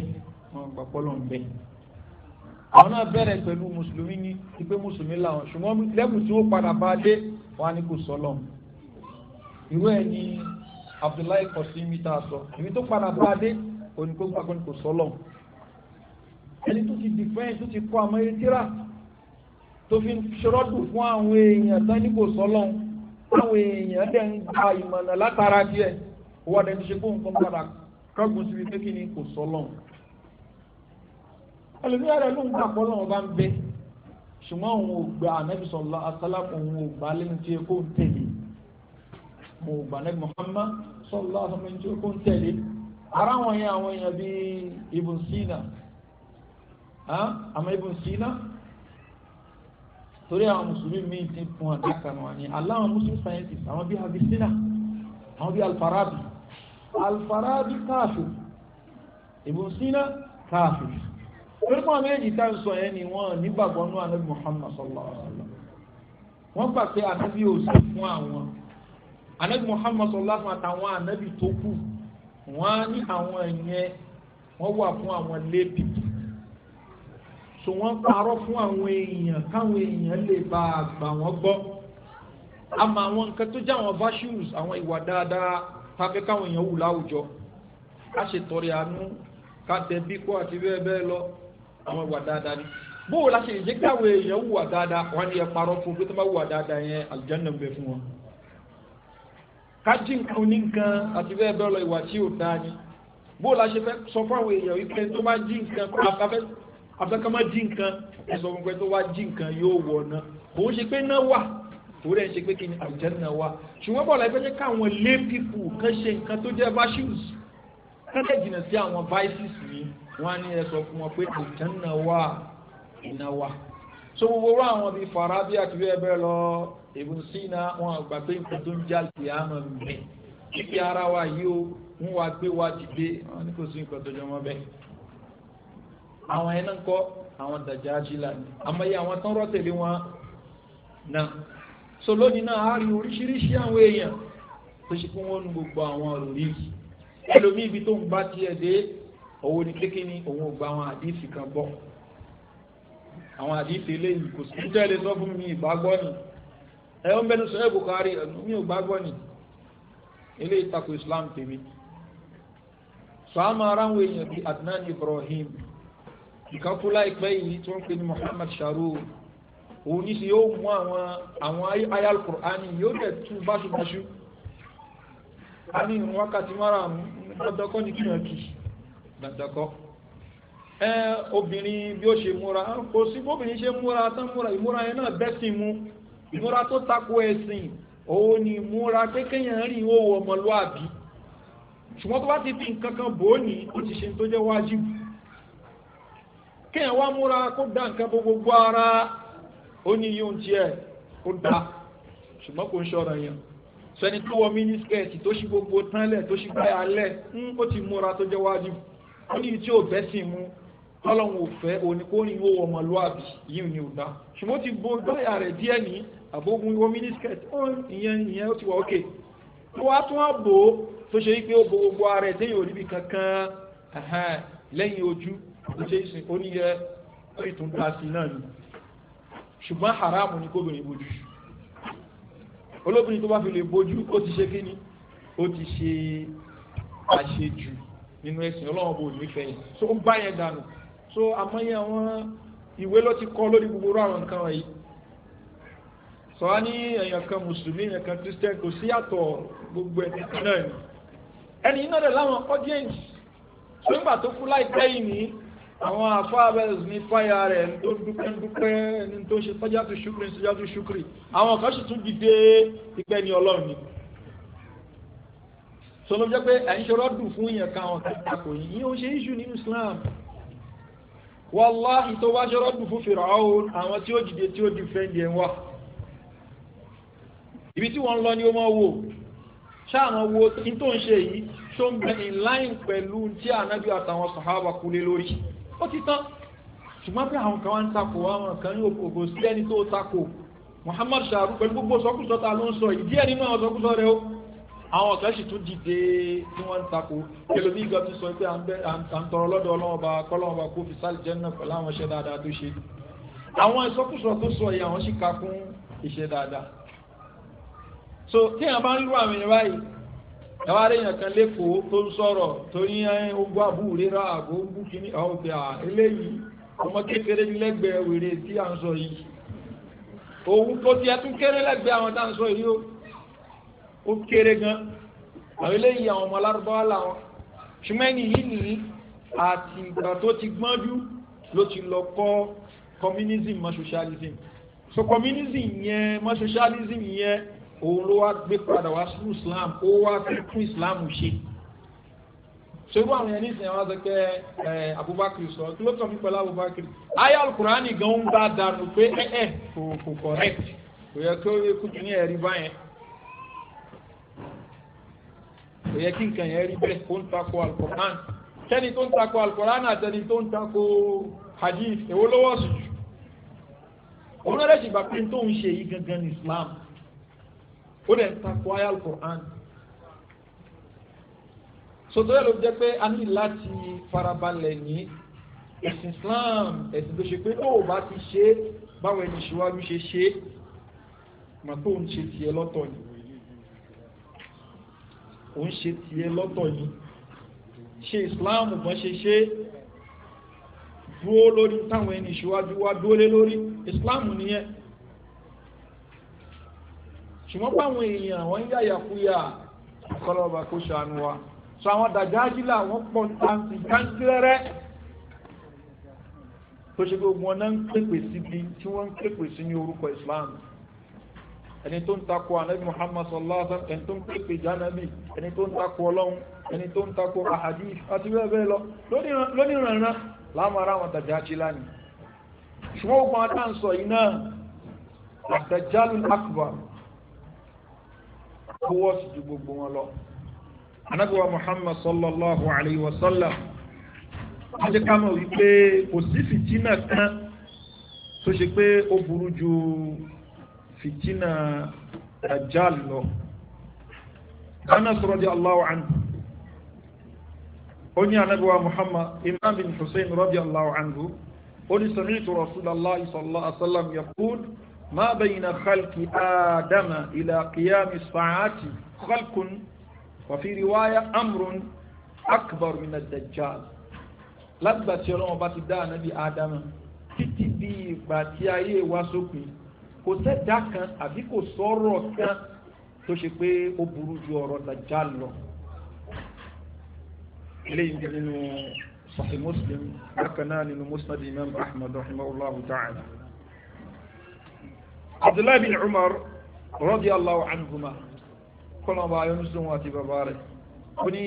àwọn àgbàpọ́lọ́ ń bẹ. àwọn náà bẹ̀rẹ̀ pẹ̀lú mùsùlùmí ní pé mùsùlùmí làwọn ṣùgbọ́n lẹ́bùn tí padà bá dé wọn á ní kò sọ́lọ́mù ìwé ẹ̀ ní Abdullahi kọ̀símì tá a sọ èmi tó padà bá dé òní kó gbàgbọ́ ní kò sọ́lọ̀ ẹni tó ti dìfẹ́ǹsì tó ti kọ́ àmọ́ erétíra tó fi ṣọ́rọ́dù fún àwọn èèyàn tán ní kò sọ́lọ̀ àwọn èèyàn dẹ̀ ń gba ìmọ̀nà látara díẹ̀ wọ́n dẹ̀ ti ṣe kó nǹkan padà kọ́gùn síbi pé kí ni kò sọ́lọ̀ ẹlòmíràn rẹ̀ ló ń gbà pọ́lọ́ wọn bá ń bẹ ṣùgbọ́n òun ò gba gbà lẹ́nu tí wọn ò gbà nẹ́bí Muhammad sọ́lá ọmọ ẹni tí ó kó ń tẹ̀lé ara wọn yẹn àwọn èèyàn bíi Ibn Sina àmọ́ Ibn Sina torí àwọn mùsùlùmí míì ti fún àdáka wọn ni aláwọn muslim sciences àwọn bíi Avicenna àwọn bíi Al-Farabi Al-Farabi káàfin Ibn Sina káàfin orúkọ méjì tá à ń sọ yẹn ni wọn nígbàgbọ́ nú ànábì Muhammad sallallahu alaihi wa wọ́n gbà pé ànábì ò fún àwọn anabi muhammad sallallahu alaihi wa sallam àtàwọn anabi tó kù wọ́n ní àwọn ẹ̀yẹn wọ́n wà fún àwọn lébì so wọ́n parọ́ fún àwọn èèyàn káwọn èèyàn lè bá a gbà wọ́n gbọ́ àmọ́ àwọn nǹkan tó jẹ́ àwọn virtues àwọn ìwà dáadáa tàbí káwọn èèyàn wù láwùjọ a ṣe tọrẹ àánú ká tẹbí kó àti bẹ́ẹ̀ bẹ́ẹ̀ lọ àwọn ìwà dáadáa ni bóòlù a ṣe ìjẹ́káwé èèyàn wù wà dáadáa wọ́n ní ẹ parọ́ fún pé tó bá wù wà dáadáa yẹn àlùjánnà ń bẹ fún wọn kájí nǹkan ní nǹkan àti bẹ́ẹ̀ bẹ́ẹ̀ lọ ìwà tí ò dáa ni bó la ṣe fẹ́ sọ fún àwọn èèyàn wípé tó bá jí nǹkan afẹ́ afẹ́kọ́ má jí nǹkan ẹ̀sọ́ fún pé tó bá jí nǹkan yóò wọ̀ náà kò ṣe pé náà wà kò ń ṣe pé kí ni àlùjánnà wà ṣùgbọ́n bọ̀ la fẹ́ jẹ́ káwọn lé pípù kan ṣe nǹkan tó jẹ́ virtues kẹ́kẹ́ jìnnà sí àwọn vices yìí wọ́n á ní ẹ̀sọ́ fún wọn pé àlùjánnà wà iná so gbogbo àwọn bíi fàrà bíi àtúwẹ́ bẹ́ẹ̀ lọ Ibn Sina wọn àgbà pé nǹkan tó ń já kìámà ń bẹ kíkí ara wa yìí ó ń wá gbé wá dìde wọn ní kò sí nǹkan tó jọ mọ́ bẹ́ẹ̀. àwọn ẹ̀ náà kọ́ àwọn Dajjal ni àmọ́ yẹ àwọn tán rọ́ tẹ̀lé wọn náà so lónìí náà a rí oríṣiríṣi àwọn èèyàn tó ṣe kí wọ́n nu gbogbo àwọn òrí ẹlòmíì ibi tó ń bá tiẹ̀ dé òun ni pé kí ni òun ò gba àwọn àdìsí kan bọ̀ àwọn àdìsí eléyìí kò sí ẹ ń bẹnu sọ ẹ Bukhari mi ò gbàgbọ́ ni ilé ìtakò Islam tèmi sọ àmọ́ aráwọ̀ èèyàn bíi Adnan Ibrahim ìkàkú láìpẹ́ yìí tí wọ́n pè ní Muhammad Sharour òun ní sè yóò mú àwọn àwọn ayal Qur'ani yóò dẹ̀ tú báṣubàṣu a ní ìwọ̀n wákàtí márùn-ún dandakọ́ ní kíyàn kì dandakọ́ ẹ obìnrin bí ó ṣe múra kò sí bóbìnrin ṣe múra tán múra ìmúra yẹn náà bẹ́sìn mú ìmúra tó tako ẹ̀sìn òun ni ìmúra pé kéèyàn rí owó ọmọlúàbí ṣùgbọ́n tó bá ti fi nǹkan kan bò ó ní ó ti ṣe tó jẹ́ wájìbù kéèyàn wá múra kó da nǹkan bó gbogbo ara ó ní yóò tiẹ̀ kó da ṣùgbọ́n kò ń ṣọ̀rọ̀ yẹn sẹni tó wọ mínísíkẹ̀tì tó ṣí gbogbo tánlẹ̀ tó ṣí báyà lẹ̀ ń hmm, ó ti múra tó jẹ́ wájìbù ó ní tí ò bẹ́sìn mu tọ́lọ́hún òfẹ́ oníkórin owó ọmọlúwàbí yìí ni ò dá ṣùgbọ́n ti bo gbáyà rẹ̀ díẹ̀ ní àbógun ìwọ mínísítẹ̀t ìyẹn ìyẹn ó ti wà ókè tó wá tún á bò ó tó ṣe wípé ó bo gbogbo ara ẹ̀ déyìn òríbi kankan lẹ́yìn ojú tó ṣe ìsìn oníyẹ ó ìtún dá sí náà ni ṣùgbọ́n haramu ni kóbìnrin bojú olóbìnrin tó bá fi lè bojú ó ti ṣe kí ni ó ti ṣe àṣejù nínú ẹ̀sìn ọlọ́run bò nífẹ̀ẹ́ yìí tó ń bá yẹn dànù so àmọ́yé àwọn ìwé ló ti kọ́ lórí gbogbo àwọn nǹkan wọ̀nyí sọ wá ní èèyàn kan mùsùlùmí èèyàn kan christian kò sí àtọ̀ gbogbo ẹni náà ni ẹni iná rẹ̀ láwọn audience tó ń gbà tó kú láìpẹ́ yìí ní àwọn afáàbẹ̀s ní fáyà rẹ̀ ní tó dúpẹ́ dúpẹ́ ní tó ṣe sajatu ṣúkúrì sajatu ṣúkúrì àwọn kan sì tún dìde ìpẹ́ ní ọlọ́run ni sọlọ́jọ́ pé à ń fún èèyàn kan àwọn kan tako yìí ó ṣe iṣu ní Islam wàláhì tó bá ṣe rọ́dù fún fìràún àwọn tí ó jìde tí ó di fẹ́ndì ẹ̀ wá ibi tí wọ́n lọ ni ó máa wò ṣáàmọ́ wo tí tó ń ṣe yìí ṣó ń bẹ in line pẹ̀lú tí ànábì àtàwọn sàhábà kú lé lórí ó ti tán ṣùgbọ́n bí àwọn kan wá ń takò àwọn kan ní òkòkò sí ẹni tó takò Muhammad sharu pẹ̀lú gbogbo sọkúsọ ta ló ń sọ ìdí ẹ̀ nínú sọkúsọ rẹ o àwọn kan sì tún dìde tí wọ́n ń takò ẹlòmíì gan tún sọ pé à ń tọrọ lọ́dọ̀ ọlọ́wọ́n ba kọ́lọ́wọ́n ba kó fi sálì jẹ́ náà pẹ̀lú àwọn iṣẹ́ dáadáa tó ṣe àwọn ìsọkúsọ tó sọ yìí àwọn sì ka kún iṣẹ́ dáadáa so tí èèyàn bá ń lú àwọn èèyàn báyìí ẹwà àríyàn kan lẹ́kọ̀ọ́ tó ń sọ̀rọ̀ tó ní ogun àbúrérà àbò ogun kìíní ọ̀gbẹ́ à eléyìí ọmọ kékeré lẹ́gbẹ̀ẹ́ wèrè tí à ń sọ yìí òun tó tiẹ̀ tún kéré lẹ́gbẹ̀ẹ́ àwọn tá à ń sọ yìí o ó kéré gan àwọn eléyìí àwọn ọmọ alárúbáwá làwọn ṣùgbọ́n ẹni yìí nìyí àti ìgbà tó ti gbọ́njú ló ti lọ kọ́ communism mọ́ socialism so communism yẹn mọ́ socialism yẹn òun ló wá gbé padà wá sí Islam ó wá fi tún Islam ṣe sori àwọn yẹn nísìnyí àwọn azẹkẹ ẹ Abubakar sọ kí ló kàn mí pẹ̀lú Abubakar ayé alukurani gan ń bá dànù pé ẹ ẹ kò kò correct kò yẹ kó kúkú ní ẹrí báyẹn kò yẹ kí nǹkan yẹn rí bẹ́ẹ̀ ó ń takò alukoran kẹ́ni tó ń takò alukoran àtẹni tó ń takò hadith èwo ló wọ́ sùn jù òun náà lẹ́sìn ìgbàpín tó ń ṣe yìí gangan ní Islam ó dẹ̀ ń takò ayé alukoran sọtọ́yà ló jẹ́ pé a ní láti farabalẹ̀ ní ẹ̀sìn Islam ẹ̀sìn tó ṣe pé tó o bá ti ṣe báwọn ẹni ṣíwájú ṣe ṣe màtó ń ṣe tiẹ̀ lọ́tọ̀ ni ò ń ṣe tiẹ̀ lọ́tọ̀ ni ṣe islam kan ṣe ṣe dúró lórí táwọn ẹni ìṣíwájú wa dúró lé lórí islam nìyẹn ṣùgbọ́n báwọn èèyàn wọ́n ń yàyàkúyà ọ̀kọ́lọ́ba kó ṣàánú wa sọ àwọn dàjáàjì làwọn pọ̀ tàǹtì káńtìrẹ́rẹ́ tó ṣe gbogbo wọn náà ń pèpè síbi tí wọ́n ń pèpè sí ní orúkọ islam ẹni tó ń takò anabi muhammad sallallahu alaihi wa sallam ẹni tó ń pèpè janabi ẹni tó ń takò ọlọ́run ẹni tó ń takò ahadith àti bẹ́ẹ̀ bẹ́ẹ̀ lọ lónìí rànran láàmú ara wọn tàjà àti lánìí ṣùgbọ́n ogun adáǹsọ yìí náà àtẹ̀jálù akbar ó wọ́ ju gbogbo wọn lọ anabi muhammad sallallahu alaihi wa sallam ajẹ́ ká wípé kò sí fìtínà kan tó ṣe pé ó burú ju fìtínà dajjal lọ Anas radiyallahu anhu ó ní anábíwá Muhammad Imam bin Hussein radiyallahu anhu ó ní sami'tu Rasulullah sallallahu alaihi wasallam yaqul ma bayna khalqi Adama ila qiyami sa'ati khalqun wa fi riwaya amrun akbar min ad-dajjal lágbàtí ọlọ́wọ́n bá ti dá anábí Adama títí bí ìgbà tí ayé wa sópin kò sẹ́dá kan àbí kò sọ̀rọ̀ kan tó ṣe pé ó burú ju ọ̀rọ̀ Dajjal lọ eléyìí ní nínú Sahih Muslim bákan náà nínú Musnad Imam Ahmad rahimahullahu ta'ala Abdullahi bin Umar radiyallahu anhuma kọlọmọ ayọ́nusùn àti bàbá rẹ̀ ó ní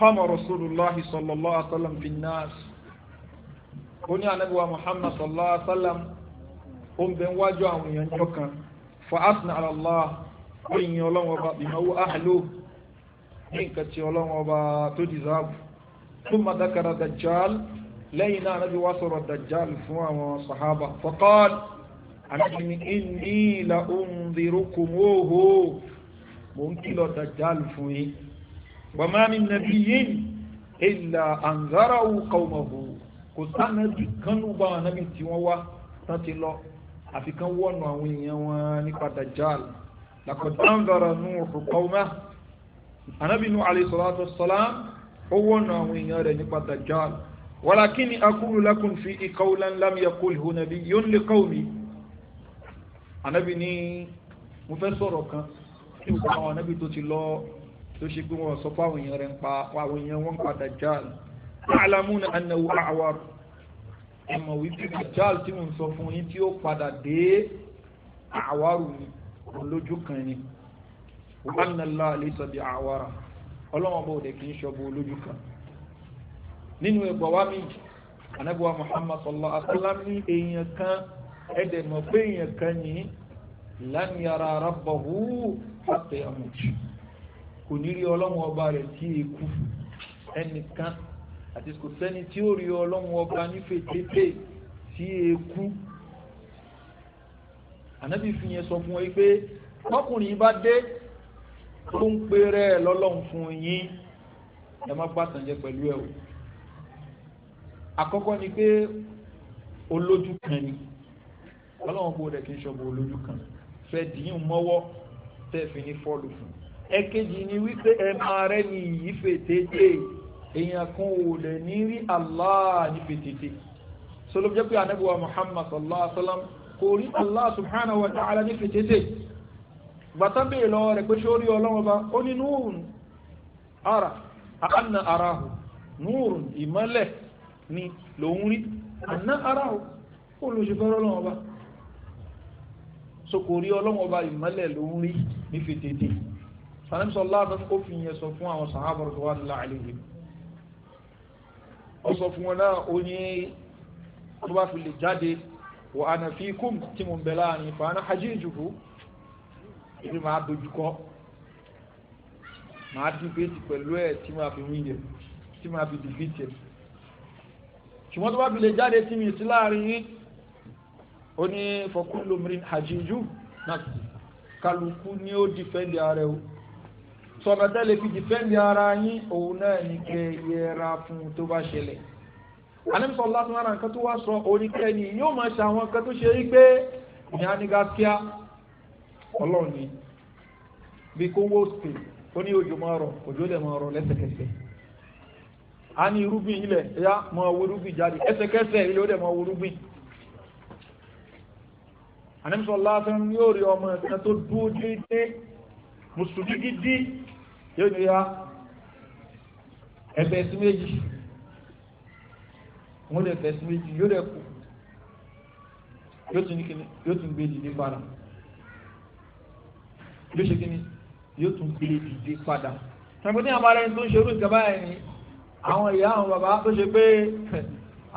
qama rasulullahi sallallahu alaihi wasallam fi nnaas ó ní anabiwa Muhammad sallallahu alaihi wasallam ó ń bẹ wájú àwọn èèyàn jọ kan fa asna ala Allah ó yin ọlọ́wọ́n ọba ìnáwó àhàlò ní nǹkan tí ọlọ́wọ́n ọba tó dìsáàbù thumma dakara dajjal lẹ́yìn náà anábì wá sọ̀rọ̀ dajjal fún àwọn sàhábà faqal anábì ní inni la unzirukumuhu mò ń kìlọ̀ dajjal fún yín wa ma min nabiyyin illa anzarahu qawmahu kò sáà nàbì kánú bá wọn tí wọ́n wá tán ti lọ àfi kan wọ́nu àwọn èèyàn wọn nípa dajjal laqad anzara nuhu qawmahu anabi nuhu alayhi salatu wassalam ó wọ́nu àwọn èèyàn rẹ̀ nípa dajjal walakini aqulu lakum fihi qawlan lam yaqulhu nabiyyun liqawmi anabi ní mo fẹ́ sọ̀rọ̀ kan tí mo àwọn anabi tó ti lọ tó ṣe pé wọ́n sọ fún àwọn èèyàn rẹ̀ ń àwọn èèyàn wọn ń pa dajjal ya'lamuna annahu a'war ẹ mọ̀ wípé dajjal tí mo ń sọ fún yín tí ó padà dé àwárù ni olójú kan ni wàhánàlá àlẹ́sà bíi àwárà ọlọ́wọ́n bá òde kì í ṣọ́bù olójú kan nínú ẹgbà wa mi anabuwa muhammad sallallahu alaihi wa sallam ní èèyàn kan ẹ̀dẹ̀ mọ̀ pé èèyàn kan ní lan yara rabbahu hatta yamut kò ní rí ọlọ́wọ́n ọba rẹ̀ tí èkú ẹnìkan àti kò sẹ́ni tí ó rí ọlọ́run ọba nífẹ̀ẹ́ tètè tí eku ànábì fi yẹn sọ fún wọn pé ọkùnrin bá dé tó ń pe lọ́lọ́run fún yín ẹ má bá tàn jẹ pẹ̀lú ẹ o àkọ́kọ́ ni pé olójú kan ni ọlọ́run kò dẹ̀ kí n ṣọ́bù olójú kan fẹ́ dìín mọ́wọ́ tẹ́ fi ní fọ́ọ̀lù fún ẹ̀kejì ni wípé ẹ máa rẹ́ ni ìyí fètè yìí èèyàn kan ò lè ní rí Allah níbi títí sọlọ́bù jẹ́ pé anábìwá Muhammad sallallahu alayhi wa sallam kò rí Allah subhanahu wa ta'ala níbi títí gbàtà bèè lọ rẹ̀ pé sórí ọlọ́wọ́ bá ó ní núùrùn ara àánà arahu núùrùn ìmọ́lẹ̀ ni lòún rí àná arahu ó lọ ṣe fẹ́rẹ́ ọlọ́wọ́ bá so kò rí ọlọ́wọ́ bá ìmọ́lẹ̀ lòún rí níbi títí sanamisọ́lá ó fi yẹn sọ fún àwọn sàhábà rẹ̀ tó wà nílá àlejò ó sọ fún wọn náà ó ní tó bá fi lè jáde wọ ànàfíkùm tí mo ń bẹ láàrin fàánà hajjíjùkú ìdí máa dojúkọ máa dìbẹ́tì pẹ̀lú ẹ̀ tí máa fi wíyẹ tí máa fi dìbẹ́tì ẹ̀ ṣùgbọ́n tó bá fi lè jáde tí mi sí láàrin yín ó ní fọkúnlómìnirin hajjíjù náà kálukú ni ó dìfẹ́ndì ara ẹ̀ o sọ̀nà tẹ́lẹ̀ fi dìfẹ́ǹdì ara yín òun náà ní kẹ́ yẹra fún tó bá ṣẹlẹ̀ anamisa ọlọ́tún ara nǹkan tó wá sọ oríkẹ́ ni yóò máa ṣe àwọn nǹkan tó ṣe rí pé ìyá ní gáskíá ọlọ́run ni bí kó wó spain ó ní òjò máa rọ̀ òjò lè máa rọ̀ lẹ́sẹ̀kẹsẹ̀ a ní irúgbìn ilẹ̀ ya máa wo irúgbìn jáde ẹsẹ̀kẹsẹ̀ ilẹ̀ ó dẹ̀ máa wo irúgbìn anamisa ọlọ́tún yóò rí ọmọ ẹ̀sìn tó dúró déédéé mùsùlùmí gidi yóò ní ya ẹgbẹ́ sí méjì wọ́n lè fẹ́ sí méjì yóò rẹ̀ kú yóò tún ní kíni yóò tún gbé dìde padà yóò ṣe kíni yóò tún gbé dìde padà tẹ̀gbọ́n ní àbára ẹni tó ń ṣe orú ìjọba ẹ̀ ni àwọn ìyá àwọn bàbá tó ṣe pé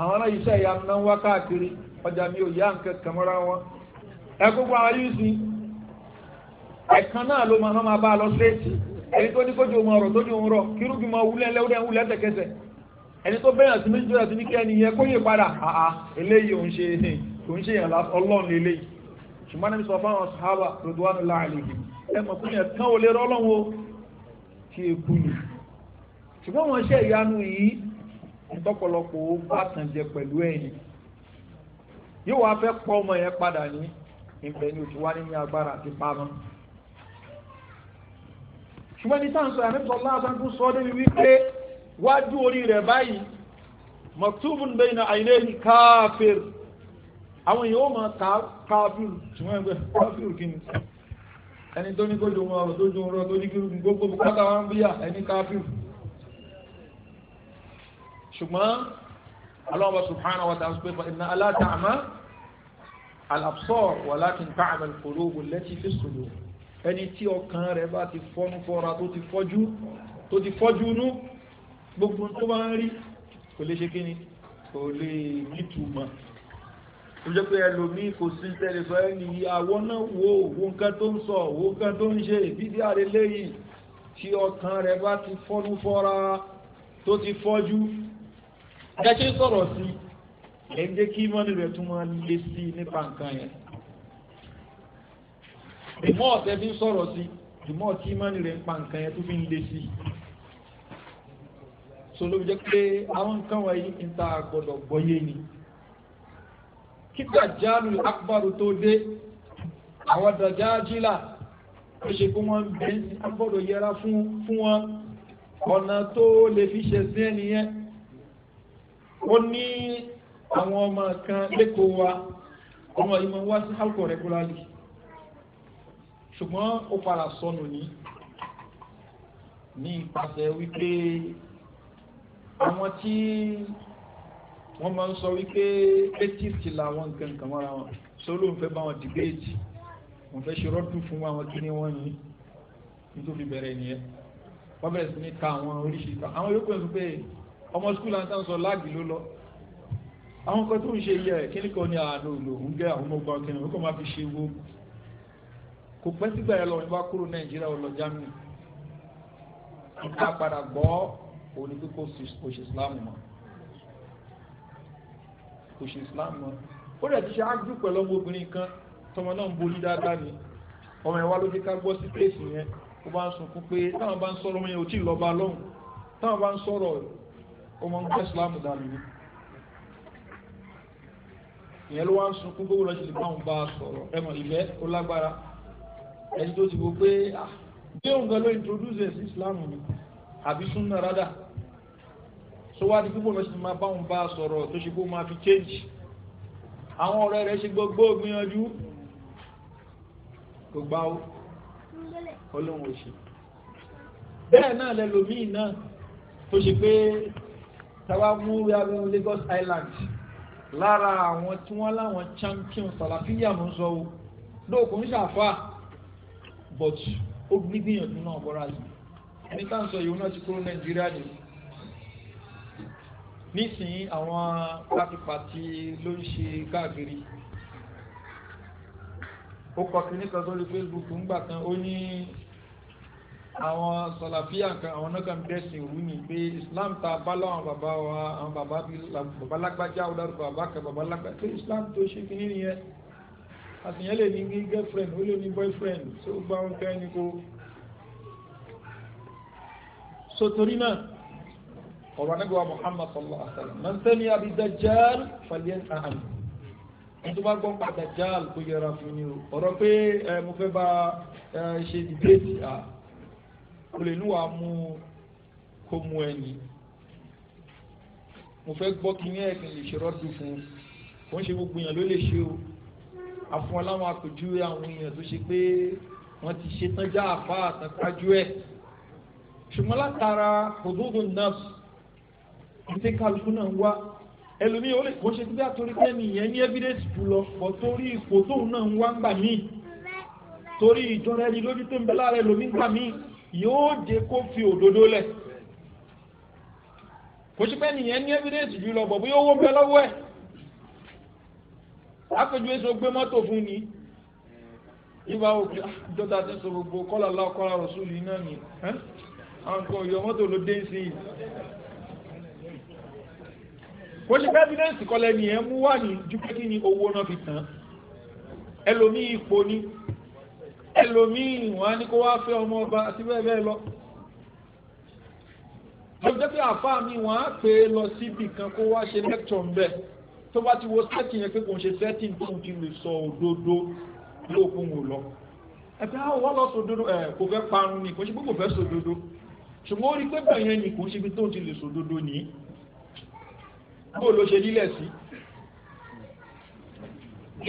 àwọn náà iṣẹ́ ìyá mi náà ń wá káàkiri ọjà mi ò yá nǹkan kàmọ́ra wọn ẹ gbogbo àwọn yìí sí ẹ̀kan náà ló máa bá a lọ sí èsì ẹni tó ní kójú ọmọ ọ̀rọ̀ tójú ọmọ ọ̀rọ̀ kírúkì máa wúlẹ̀ lẹ́wúlẹ̀ wúlẹ̀ tẹ̀kẹsẹ̀ ẹni tó bẹ̀rẹ̀ sí méjì tó ní kí ẹni yẹ kó yè padà àà eléyìí òun ṣe òun ṣe yàn ọlọ́run eléyìí ṣùgbọ́n ní sọ fáwọn sàhábà ròdùwánù láàlejò ẹ mọ̀ fún yẹn kán ò lè rọ́lọ́run o tí e ni ṣùgbọ́n wọn ṣe ìyanu yìí ìtọ́pọ̀lọpọ̀ ó jẹ pẹ̀lú ẹ̀yìn yóò wá fẹ́ pọ́ ọmọ yẹn padà ní ìbẹ̀ òtún wá ní agbára àti pamọ́ ṣùgbọ́n ní sáà ń sọ àmẹ́sọ̀ lásán tún sọ débi wípé wájú orí rẹ̀ báyìí maktubun bayna àìlẹ́yìn káfíìr àwọn èèyàn ó máa ta káfíìr ṣùgbọ́n ẹgbẹ́ káfíìr kí ni ẹni tó ní kójú ọmọ ọ̀rọ̀ tó ju ọ̀rọ̀ tó ní kí gbogbo bùkátà wọn bíyà ẹni káfíìr ṣùgbọ́n aláwọ̀ subhanahu wa ta'ala pé inna ala ta'ma al-absar walakin ta'ma al-qulub allati fi as-sudur ẹni tí ọkàn rẹ̀ bá ti fọ́nú fọ́ra tó ti fọ́jú tó ti fọ́jú nú gbogbo tó bá ń rí kò lè ṣe kí ni kò lè nítumọ̀ tó jẹ́ pé ẹlòmí kò sí tẹ́lẹ̀fẹ́ ní àwọn náà wo òwò nǹkan tó ń sọ òwò nǹkan tó ń ṣe ìbídí àrẹ lẹ́yìn tí ọkàn rẹ̀ bá ti fọ́nú fọ́ra tó ti fọ́jú ẹṣẹ́ sọ̀rọ̀ sí ẹ̀ ń jẹ́ kí mọ́nì rẹ̀ tún máa lé sí nípa nǹkan yẹn ìmọ̀ ọ̀tẹ́ fi ń sọ̀rọ̀ sí ìmọ̀ tí ìmọ̀ni rẹ̀ ń pa nǹkan yẹn tó fi ń lé sí i so ló jẹ́ pé àwọn nǹkan wọ̀nyí ń ta gbọ́dọ̀ gbọ́yé ni kíkà jáàlù akbaru tó dé àwọn dàjà jílà ó ṣe kó wọ́n bẹ́ẹ̀ sí agbọ́dọ̀ yẹra fún wọn ọ̀nà tó lè fi ṣe sí ẹnìyẹn ó ní àwọn ọmọ kan lẹ́kọ̀ọ́ wa ọmọ ìmọ̀ wá sí alcohol regularly ṣùgbọ́n ó padà sọnù ní ní ìpàṣẹ wípé àwọn tí wọ́n máa ń sọ wípé atheist làwọn nǹkan kan mọ́ra wọn sólò ń fẹ́ bá wọn dìbéètì wọ́n fẹ́ ṣe rọ́dùn fún àwọn kí ni wọ́n ní nítorí bẹ̀rẹ̀ nìyẹn wọ́n bẹ̀rẹ̀ sí ní ka àwọn oríṣiríṣi kan àwọn yòókù ẹ̀sùn pé ọmọ skul àti àwọn sọ láàgì ló lọ àwọn kan tó ń ṣe yẹ kíní kan ní àádọ́ òlò ń gẹ àwọn ọmọ ọgbà kẹrin ó kàn máa fi ṣe wo kò pẹ́ sígbà yẹn lọ ní bá kúrò nàìjíríà ó lọ germany nípa padà gbọ́ òní pé kò ṣe islam mọ́ kò ṣe islam mọ́ ó dẹ̀ ti ṣe ájú pẹ̀lú ọmọbìnrin kan tọmọ náà ń borí dáadáa ni ọmọ ẹ̀ wá ló dé ká gbọ́ sí pèsè yẹn ó bá ń sunkún pé táwọn bá ń sọ̀rọ̀ ọmọ yẹn ò tí ì lọ́ba lọ́hùn táwọn bá ń sọ̀rọ̀ ọmọ ń gbọ́ islam dànù ni ìyẹn ló wá ń sunkún gbogbo lọ́sẹ̀ lè bá a sọ̀rọ̀ ẹ̀mọ̀ ìfẹ́ ó lágbára ẹni tó ti wo pé bí ah, òun gan ló introduce ẹ̀sìn islam ni àbí súnà rádà tó wá di pípọ̀ lọ sí máa báwọn bá sọ̀rọ̀ tó ṣe kó máa fi change àwọn ọ̀rẹ́ rẹ̀ ṣe gbogbo gbìyànjú kò gbá ó ọlọ́run òṣè bẹ́ẹ̀ náà lẹ́lòmíì náà tó ṣe pé tàwa mú yàrá Lagos Island lára àwọn tí wọ́n láwọn champion sàlàfíà mú sọ ó lóòkùn ṣàfà but ó gbígbìyànjú náà bọ́ra sí ẹni tá à ń sọ yìí náà ti kúrò nàìjíríà ni nísìnyí àwọn pátípátí ló ń ṣe káàkiri ó kọ kíní kan sórí facebook ńgbà kan ó ní àwọn sọlàfíà kan àwọn náà kan dẹ́sìn ni pé islam ta bá láwọn bàbá wa àwọn bàbá lágbájá ọ̀dàrú bàbá kan bàbá lágbájá pé islam tó ṣe kíní nìyẹn àtìyàn lè ní girlfriend ó lè ní boyfriend tó gbá ń fẹ́ ní kó so torí náà ọ̀rọ̀ anábíwá Muhammad sallallahu alaihi wa sallam man sami'a bi dajjal falyanha anhu tó bá gbọ́n pa dajjal kó yẹra fún ni o ọ̀rọ̀ pé mo fẹ́ bá ṣe dìbéètì à kò lè níwà mú kó mú ẹni mo fẹ́ gbọ́ kí ní ẹ̀kìn lè ṣe rọ́dù fún un ó ń ṣe gbogbo yẹn ló lè ṣe o àfún aláwọn àpèjúwe àwọn èèyàn tó ṣe pé wọ́n ti ṣe tán já àfa àtàkájú ẹ̀ ṣùgbọ́n látara òdòdó nọ́ọ̀sì ìdí kálukú náà ń wá ẹlòmíì ó lè kó ṣe gbé àtòrí pé nìyẹn ní evidence jùlọ pọ̀ torí ipò tóun náà ń wá ń gbà míì torí ìjọra ẹni lójú tó ń bẹ láàrẹ lómi gbà míì yóò jẹ kó fi òdodo lẹ̀ kò ṣe pé nìyẹn ní evidence jùlọ bọ̀ bóyá owó ń bẹ lọ́wọ́ ẹ̀ lápẹjù èso gbé mọ́tò fún ni ìbá òkè dọ́tà ah, ti sọ gbogbo kọ́là láwọ kọ́là rọ̀ṣúlì náà ni àwọn nǹkan ọ̀yọ́ mọ́tò ló dé sí i kò ṣe pẹ́sidẹ́ǹsì kọ́lẹ̀ ni ẹ̀ mú wà ní ju pé kí ni owó náà fi tán ẹlòmíì ipò ni ẹlòmíì wọn á ní kó wáá fẹ́ ọmọ ọba àti bẹ́ẹ̀ bẹ́ẹ̀ lọ lọ́jọ́ pé àfáà mi wọ́n á pè é lọ síbì kan kó wá ṣe lẹ́kítọ̀ ń bẹ́ẹ̀ tó bá ti wo sẹ́tì yẹn pé kò ń ṣe sẹ́tì tó ń ti lè sọ òdodo lóòkun ò lọ ẹgbẹ́ àwọn wọ́n lọ sòdodo ẹ̀ kò fẹ́ parun ni kò ṣe pé kò fẹ́ sòdodo ṣùgbọ́n ó rí pé bẹ́ẹ̀ yẹn ni kò ń ṣe ibi tó ń ti lè sòdodo nìyí bó ló ṣe nílẹ̀ sí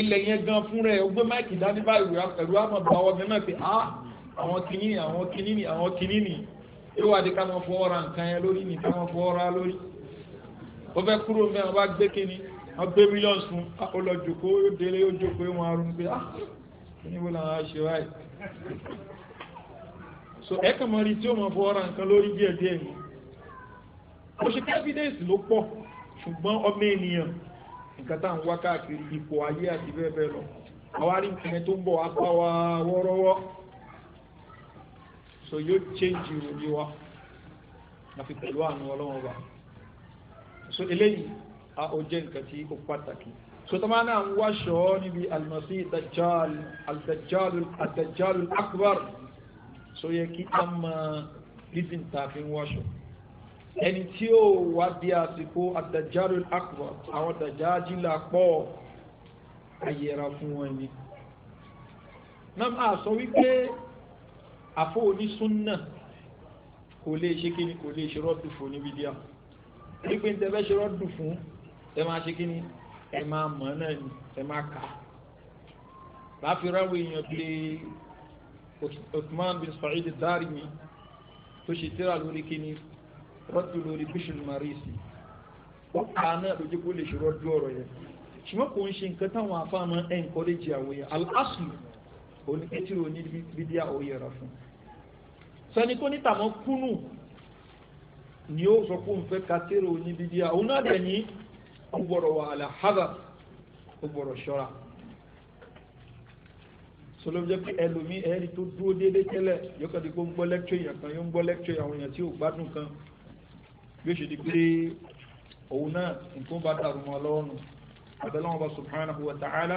ilẹ̀ yẹn gan fúnra ẹ̀ ó máìkì dání báyìí ẹ̀rù àmọ̀ bá wọ́n gan pé á ah, àwọn kìíní ni àwọn kìíní ni àwọn kìíní ni yóò wá di ká máa fọwọ́ ra nǹkan yẹn lórí ni ká máa fọwọ́ ra lórí ó fẹ́ kúrò mẹ́rin wá gbé kínní wọ́n gbé mílíọ̀nù sun ọlọ́jọ́kọ́ ah, ó délé ó jókòó wọn arún pé ah níbo làwọn so ẹ kàn rí tí ó máa fọ ọ́ra nǹkan lórí díẹ̀ díẹ̀ ni ó ṣe evidence ló pọ̀ ṣùgbọ́n ọmọ ènìyàn nǹkan tá à ń wá káàkiri ipò ayé àti bẹ́ẹ̀ bẹ́ẹ̀ lọ àwa rí nǹkan tó ń bọ̀ wa wọ́rọ́wọ́ so yóò change ìròyìn wa àfi pẹ̀lú ó jẹ́ nǹkan tí ó pàtàkì sotama náà ń wáṣọ níbi almasi dajjal aldajjal adajjal akbar so yẹ kí a mọ reason tá a fi ń wáṣọ ẹni tí ó wá di àsìkò adajjal akbar àwọn dajjal la pọ̀ ayẹra fún wọn ni náà a sọ wípé àfọ onísúnnà kò lè ṣe kí ni kò lè ṣe rọ́ọ̀dù níbi díà wípé ń tẹ́ fẹ́ ṣe rọ́ọ̀dù ẹ máa ṣe kí ni ẹ máa mọ̀ náà ni ẹ máa kà á. bá fi ráwọ èèyàn bíi Uthman bin Sa'id Darimi tó ṣe tíra lórí kí ni rọ́tù lórí Bishul Marisi wọ́n kà á náà lójú kó lè ṣe rọ́dú ọ̀rọ̀ yẹn ṣùgbọ́n kò ń ṣe nǹkan táwọn afáàmọ́ ẹ̀ ń kọ́lẹ́jì àwòyẹ al-aslu òní etí òní bídíà òye rà fún sani tó ní tàmọ́ kúnnù ni ó sọ pé òun fẹ́ ka tẹ́rọ bídíà òun náà dẹ̀ ní ó gbọ́dọ̀ wà àlàhádà ó gbọ́dọ̀ ṣọ́ra sọlọ́m jẹ́ pé ẹlòmí ẹni tó dúró déédé tẹ́lẹ̀ yóò kàn di kó ń gbọ́ lẹ́kṣọ̀ èèyàn kan yóò ń gbọ́ lẹ́kṣọ̀ àwọn èèyàn tí ò gbádùn kan bí ó ṣe di pé òun náà nǹkan bá dàrú mọ́ lọ́rùn àbẹ̀lọ́wọ́n bá subhanahu wa ta'ala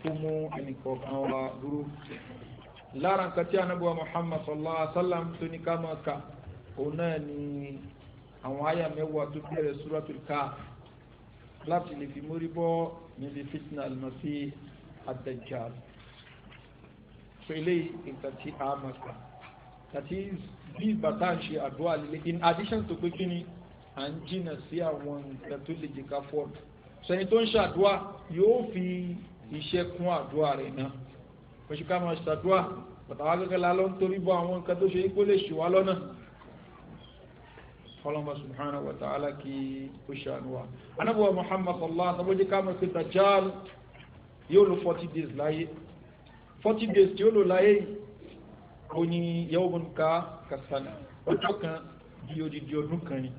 kó mú ẹnìkọ̀ọ̀kan wa dúró lára nǹkan tí anábọ̀ Muhammad sallallahu alaihi wa sallam tó ní ká máa kà òun náà ni àwọn àyà mẹ́wàá tó bẹ̀rẹ̀ suratul Kahf láti lè fi mórí bọ́ níbi fitna almasi ad-dajjal so eléyìí nǹkan tí a mọ̀ pa that is bí bàtà ń ṣe àdúrà líle in addition to pé kí ni à ń jìnnà sí àwọn nǹkan tó lè jìkà fọ́ọ̀dù sẹ́ni tó ń ṣàdúrà yóò fi iṣẹ́ kún àdúrà rẹ̀ náà oṣù ká máa ṣàdúrà bàtà wá gẹ́gẹ́ la lọ ń torí bọ́ àwọn nǹkan tó ṣe é kó lè ṣì lọ́nà kọlọmọ subhanahu wa ta'ala kí ó ṣàánú wa anábọ̀wà muhammad allah tàbójí ká mọ̀ pé dajjal yóò lò 40 days láyé 40 days tí ó lò láyé ó ní yawmun ka kasana ọjọ́ kan bí odidi ọdún kan ni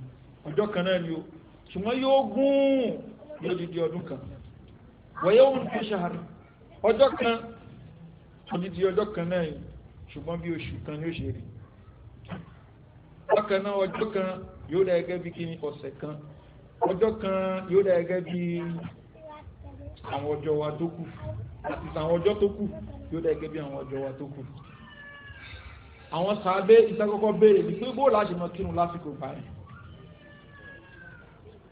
ọjọ́ kan náà ni ó ṣùgbọ́n yóò gún bí odidi ọdún kan wa yawmun ka shahr ọjọ́ kan odidi ọjọ́ kan náà ni ṣùgbọ́n bí oṣù kan ni ó ṣe rí bákan náà kan yóò dà gẹ́gẹ́ bí kíni ọ̀sẹ̀ kan ọjọ́ kan yóò dà gẹ́gẹ́ bí àwọn ọjọ́ wa tó kù àti àwọn ọjọ́ tó kù yóò dà gẹ́gẹ́ bí àwọn ọjọ́ wa tó kù àwọn sàábé ìtàkọ́kọ́ béèrè ní pé bóòlù àṣemọ kírun lásìkò báyìí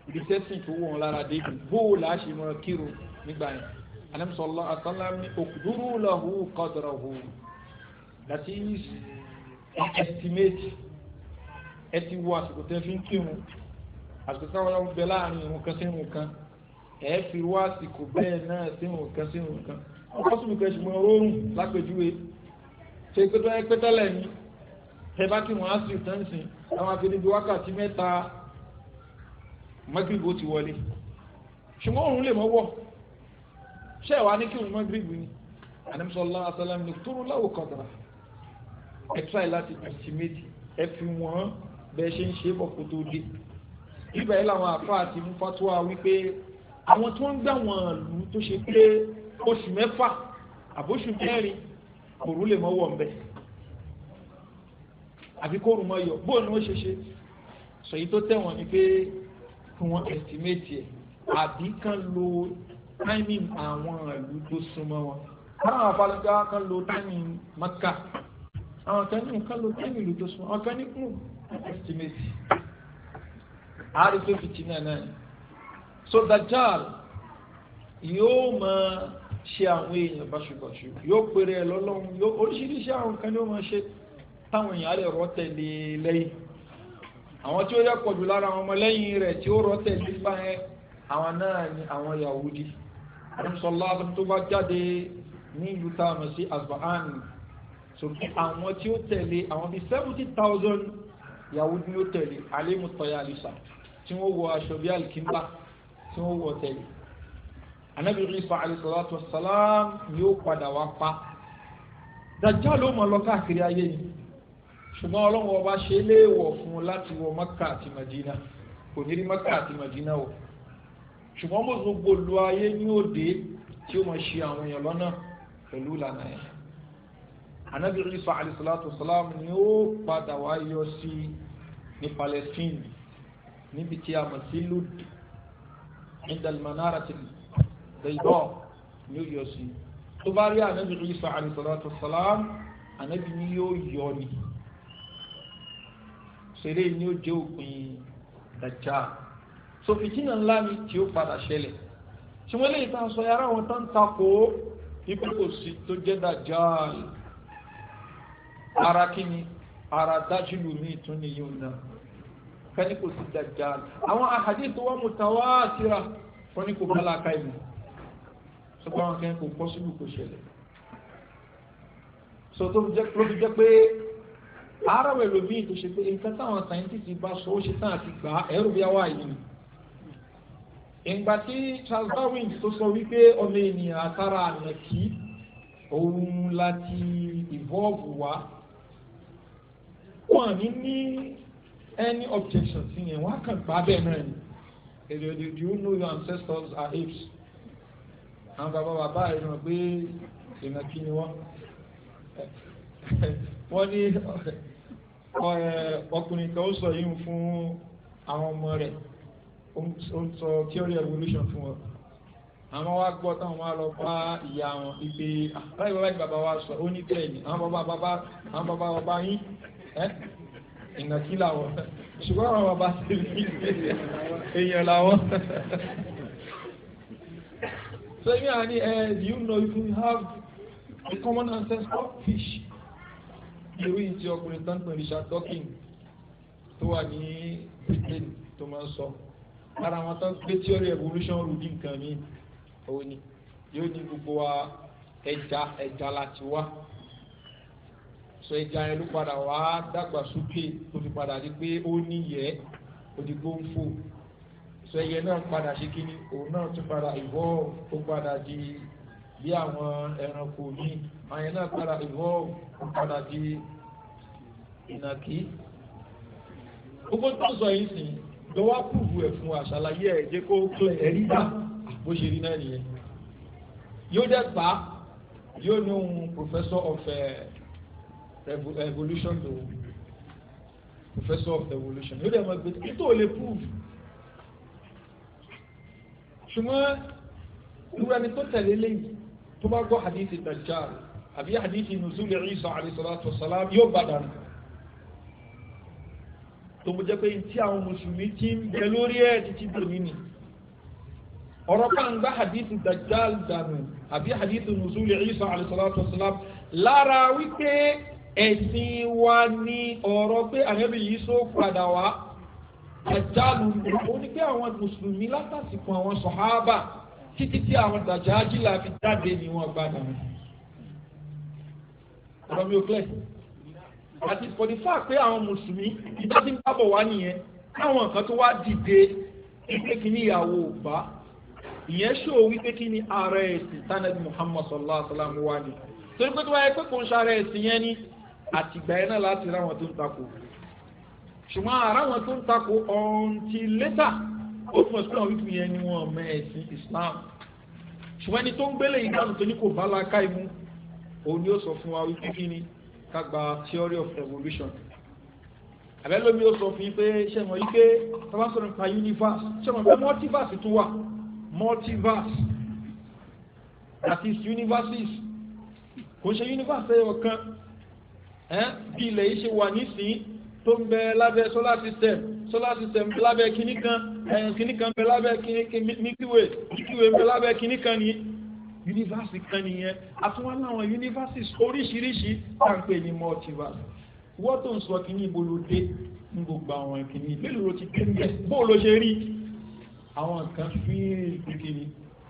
ìdísẹ́sìn tó wọ̀ wọn lára débi bóòlù àṣemọ kírun nígbà yẹn anamisọlọ asalami okuduru lahu qadrahu that is estimate ẹ ti wo àsìkò tẹ́ fi ń kírun àsìkò táwọn ọlọ́run bẹ láàrin ìrun kan sí ìrun kan ẹ fi wá àsìkò bẹ́ẹ̀ náà sí ìrun kan sí ìrun kan ọkọ sùnmù kan ṣùgbọ́n oorun lápèjúwe ṣe pé tó ẹ pé tẹ́lẹ̀ ni ẹ bá kí wọn á sì tán sí àwọn abẹ́nibi wákàtí mẹ́ta mọ́gìrìbì ti wọlé ṣùgbọ́n oorun lè mọ́ wọ̀ ṣé ẹ̀ wá ní kí wọn mọ́gìrìbì ni àdàmùsọ̀lá asálàmù tó rún láwò kọ̀dàrà tíráì láti estimate fi wọ́n bẹ́ẹ̀ ṣe ń ṣe bọ̀ kó tó dé ibà yìí làwọn àfáà ti mú fatuwa wípé àwọn tí wọ́n ń gbà wọ́n lù tó ṣe pé oṣù mẹ́fà àbóṣù mẹ́rin kòrú lè mọ́ wọ̀ ń bẹ̀ àbí kóòrùn mọ́ yọ bóun ni wọ́n ṣe ṣe sọ̀yí tó tẹ̀wọ̀n ni pé kí wọ́n estimate ẹ̀ àbí kan lo timing àwọn ìlú tó súnmọ́ wọn àwọn àfàlùjá kan lo timing Maka àwọn kan ní kan lo timing ìlú tó súnmọ́ àwọn kan ní kùn estimate àárín tó fi tì náà so dajjal yóò máa ṣe àwọn èèyàn báṣubàṣu yóò pèrè ẹ lọ́lọ́run yóò oríṣiríṣi àwọn nǹkan ni ó máa ṣe táwọn èèyàn á lè rọ́ tẹ̀lé lẹ́yìn àwọn tí ó yẹ pọ̀jù lára àwọn ọmọlẹ́yìn rẹ̀ tí ó rọ́ tẹ̀lé gbá yẹn àwọn náà ni àwọn Yahudi àrùnsọ̀lá tó bá jáde ní ìlú táwọn sí asbahan so àwọn tí ó tẹ̀lé àwọn bíi seventy thousand Yahudi ló tẹ̀lé alimu tọ́yà alisa tí wọ́n wọ aṣọ bí alikimba tí wọ́n wọ tẹ̀lé anabi Isa alayisalaatu wasalaam yóò padà wá pa Dajjal ló mọ̀ lọ káàkiri ayé yìí ṣùgbọ́n ọlọ́run ọba ṣe léèwọ̀ fún un láti wọ Maka àti Madina kò ní rí Maka àti Madina wọ̀ ṣùgbọ́n mo gbòòlù ayé ní òde tí ó mọ̀ ṣe àwọn èèyàn lọ́nà pẹ̀lú ìlànà ẹ̀ anabi Isa alayisalaatu wasalaam ni ó padà wá yọ sí i ní Palestine níbi tí a mọ̀ sí Lud indalmanara ti bẹ̀yọ̀ ní ó yọ sí tó bá rí ànábì Isa alayhi salatu wassalam ànábì ni yóò yọ ni ṣeré ni ó jẹ́ òpin dàjà so fìtínà ńlá ni tí ó padà ṣẹlẹ̀ tí wọ́n lè ta sọ yàrá àwọn tó ń takò ó ibi kò sí tó jẹ́ dàjà ara kí ara dájú lùmí tún ni yóò náà kani kò sí dajjal àwọn ahadi tó wà mutawatira wọn ni kò kálá ka ìmọ̀ sọ́kọ́ àwọn kan kò kọ́ síbi kò ṣẹlẹ̀ so tó ló fi jẹ́ pé ara rẹ̀ lómi tó ṣe pé nǹkan táwọn sáyẹ́ntìsì bá sọ ó ṣe tán àti gbà ẹ̀rù bí wá yìí ìgbà tí Charles Darwin tó sọ wípé ọmọ ènìyàn àtàrà ànàkí òun láti ìvọ́ọ̀bù wá wọn ní ní any objection sí yẹn wọ́n á kàn gbá bẹ́ẹ̀ náà ni èrè òde do you know your ancestors are apes àwọn bàbá bàbá rẹ̀ mọ̀ pé èèyàn kí ni wọ́n wọ́n ní eh, ọkùnrin kan ó sọ yìí fún àwọn ọmọ rẹ̀ ó ń sọ theory evolution fún wọn àwọn wa gbọ́ táwọn wa lọ bá ìyá wọn ibi ah, báyìí bàbá yìí bàbá wa sọ ó ní bẹ́ẹ̀ ni àwọn bàbá bàbá àwọn bàbá bàbá yín eh, ìnàkí làwọn ṣùgbọ́n àwọn bàbá ti rí èèyàn làwọn. so you know uh, you know if you have a common ancestor fish ìlú ìtì ọkùnrin tán pẹ̀lú Richard Dawkins tó wà ní Britain tó máa ń sọ ara wọn tán gbé theory evolution rudi nǹkan mi òun ni yóò ní gbogbo ẹja ẹja láti wá sọ ẹja yẹn ló padà wá dàgbà sókè tó fi padà di pé ó níyẹ òdìgbò ń fò sọ ẹyẹ náà padà ṣe kíni òun náà tún padà ìwọ ó padà di bí àwọn ẹranko míì àyẹn náà padà ìwọ ó padà di ìnàkí gbogbo tó sọ yìí sìn lọ wá pùrù ẹ fún àṣàlàyé ẹ jẹ kó tó ẹrí dá bó ṣe rí náà nìyẹn yóò dẹ yóò ní ohun professor of uh, evolution to professor of evolution yóò dẹ̀ mọ̀ pé títò lè prove ṣùgbọ́n irú ẹni tó tẹ̀lé lẹ́yìn tó bá gbọ́ hadithi dajjal àbí hadithi nuzul Isa alayhi salatu wassalam yóò bá dànù tó mú jẹ́ pé tí àwọn mùsùlùmí ti ń bẹ lórí ẹ̀ títí dòní ni ọ̀rọ̀ kan gba hadithi dajjal dànù àbí hadithi nuzul Isa alayhi salatu wassalam lára wípé ẹ̀sìn wa ní ọ̀rọ̀ pé ànábì yìí sọ padà wá àjálù ó ní pé àwọn mùsùlùmí látàsìkò àwọn sọ̀háábà títí tí àwọn dàjáàjì là fi jáde ní wọn gbàdà wọn. ọ̀rọ̀ mi ò clear àti for the fact pé àwọn mùsùlùmí ìjọ tí ń bábọ̀ wá nìyẹn káwọn nǹkan tó wá dìde pé kí ní ìyàwó ò ìyẹn ṣó wípé kí ní ààrẹ ẹ̀sìn tánàbí Muhammad sallallahu alaihi wa sallam wá ní torí pé tí wọ́n yẹ pé kò ń ṣàrẹ̀ ẹ̀sìn yẹn ni àtìgbà yẹn náà láti ráwọn tó ń takò ṣùgbọ́n àráwọn tó ń takò ọ̀ǹtì lẹ́tà ó fún ọ̀sùn náà wípé yẹn ni wọ́n mọ ẹ̀sìn Islam ṣùgbọ́n ẹni tó ń gbélé ìdáhùn tó ní kò bá láká imú òun ni ó sọ fún wa wípé kí ni ká gba theory of evolution àbẹ́lómi ó sọ fún yín pé ṣé mọ̀ yí pé tọ́lá sọ̀rọ̀ nípa universe ṣé mọ̀ pé multiverse tó wà multiverse that is universes kò ń ṣe universe ẹ̀yọ̀ kan bí ilẹ̀ yìí ṣe wà nísìnyí tó ń bẹ lábẹ́ solar system solar system lábẹ́ kíní kan kíní kan bẹ lábẹ́ Milky Way Milky bẹ lábẹ́ kíní kan ni yunifásitì kan nìyẹn àtúwọ́n láwọn yunifásitì oríṣiríṣi tá à ń pè ní multiverse wọ́n tó ń sọ kíní ìbolódé ní gbogbo àwọn ìkíní mélòó ti dé níbẹ̀ bó ló ṣe rí àwọn nǹkan fíìrì kékeré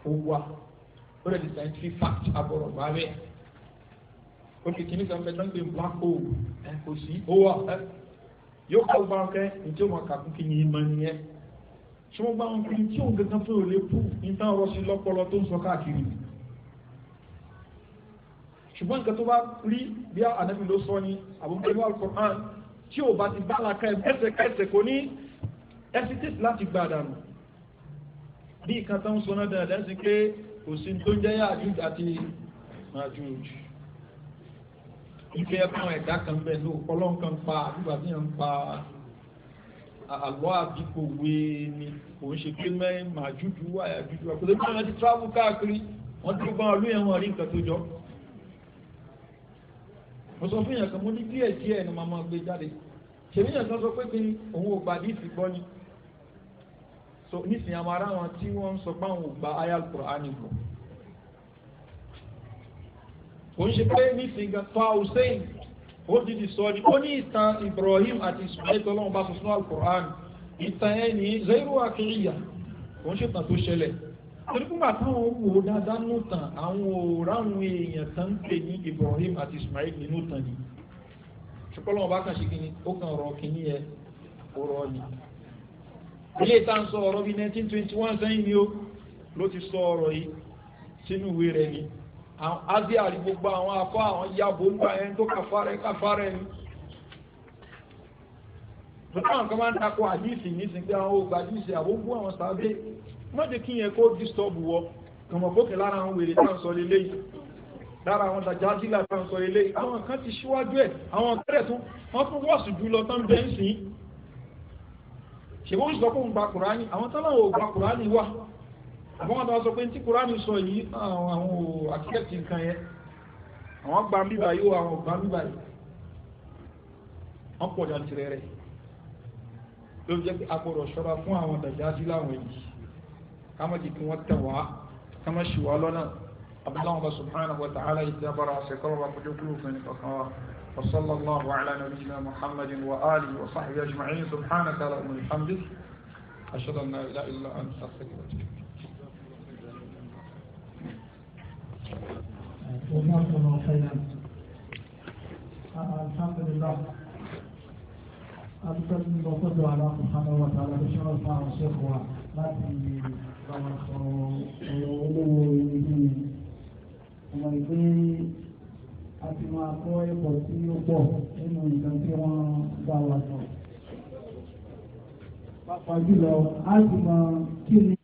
ó wà ó lè di scientific fact àbọ̀rọ̀ bá bẹ́ẹ̀ oṣù kìíní kan bẹ́ẹ̀ tó ń pè black hole ẹ kò sí owó ẹ yóò kọ́ bá ọkẹ́ ní tí ó máa kàkún kí ni ìmọ̀ nìyẹn ṣé wọ́n bá wọn pé tí òun gangan fún òun lè kú níta ọ̀rọ̀ sí lọ́pọlọ tó ń sọ káàkiri ṣùgbọ́n nǹkan tó bá rí bí ànábì ló sọ ni àbúkọ́ ìwà alukur'an tí ò bá ti bá làkà ẹsẹ̀kẹsẹ̀ kò ní hesitate láti gba àdànù bí nǹkan tó ń sọ náà dáadáa sí pé kò sí tó ń jẹ́ yáà àti màjúùjù ìfẹ́ ẹ̀fọn ẹ̀dá kan bẹ́ẹ̀ ló kọ́lọ́n kan pa àdúgbà tí wọ́n pa àlọ́ àbíkò wé ni kò ń ṣe pé mẹ́rin màá jújú àyà jújú àkóso bí wọ́n ti travel káàkiri wọ́n ti gbọ́n olóyè wọn rí nǹkan tó jọ. mo sọ fún yàn kan mo ní díẹ̀ díẹ̀ ni màmá gbé jáde ṣèlú yàn kan sọ pé kí òun ò gbà díìsì gbọ́ ni. so nísìnyí àwọn ará wọn tí wọ́n ń sọ pé àwọn ò gba ayal Qur'ani gbọ́ ó ń ṣe pé nísìnyí gan fa hussein ó dìdì sọ ni ó ní ìtàn ibrahim àti ismail tọ́lọ́run bá sọ sínú alukur'an ìtàn ẹ̀ ní zairu akiriya ó ń ṣètàn tó ṣẹlẹ̀ torí fún bàtà wò dáadáa nínú tàn àwọn òráhùn èèyàn tán ń pè ní ibrahim àti ismail nínú tàn ni ṣùgbọ́n lọ́wọ́ bá kàn ṣe kínní ó kàn rọ kínní ẹ̀ ó rọ ni ilé ìta ń sọ ọ̀rọ̀ bíi 1921 sẹ́yìn ni ó ló ti sọ ọ̀rọ̀ yìí sínú ìwé rẹ̀ ni ábí àrí gbogbo àwọn afọ àwọn yàbò ń gba ẹni tó kàfárẹ́ kàfárẹ́ ni lọ́nà àwọn kan máa ń takò àdìsí nísìnyí pé àwọn ògbà àdìsí àbógbó àwọn sàbẹ̀ má jẹ́ kí yẹn kó disturb wọ kàmọ̀gbókè lára àwọn wèrè tá à ń sọ lélẹ́yìí lára àwọn dàjásílà tó ń sọ ilé àwọn kan ti ṣíwájú ẹ̀ àwọn kẹ́rẹ̀ tún wọ́n fún wọ́ọ̀sì jùlọ tán bẹ́ ń sìn ṣèwọ́n sọ fún gba kùránì àwọn tán láwọn ò gba wà àmọ́ wọn tó sọ pé tí kúránì sọ yìí àwọn akẹ́kẹ̀ẹ́ nǹkan yẹn àwọn gba bíbá yìí ó àwọn gba bíbá yìí wọ́n pọ̀ jàǹtìrẹ rẹ̀ ló jẹ́ pé agbọ̀rọ̀ ṣọ́ra fún àwọn dàjájú láwọn yìí káwọn jì kí wọ́n tẹ̀ wá káwọn ṣì wá lọ́nà abdullahi wa subhanahu wa ta'ala ìjábára àṣekọ́rọ̀ wa fojú kúrò fún ẹnìkọ̀kan wa وصلى الله على نبينا محمد وآله وصحبه أجمعين سبحانك لا إله إلا أنت أستغفرك جزاك الله خيرا الحمد لله adúpẹ́ ní ọgọ́dọ̀ aláàmúhánà wà tààlà tó ṣọ́rọ̀ fún àwọn ṣẹ́kù wa láti báwa sọ ọ̀rọ̀ olówó ìlú ni ọmọ ìgbé àti máa kọ́ ẹ̀kọ́ tí ó pọ̀ nínú nǹkan tí wọ́n bá wa sọ. pàápàá jùlọ á ti mọ kí ni.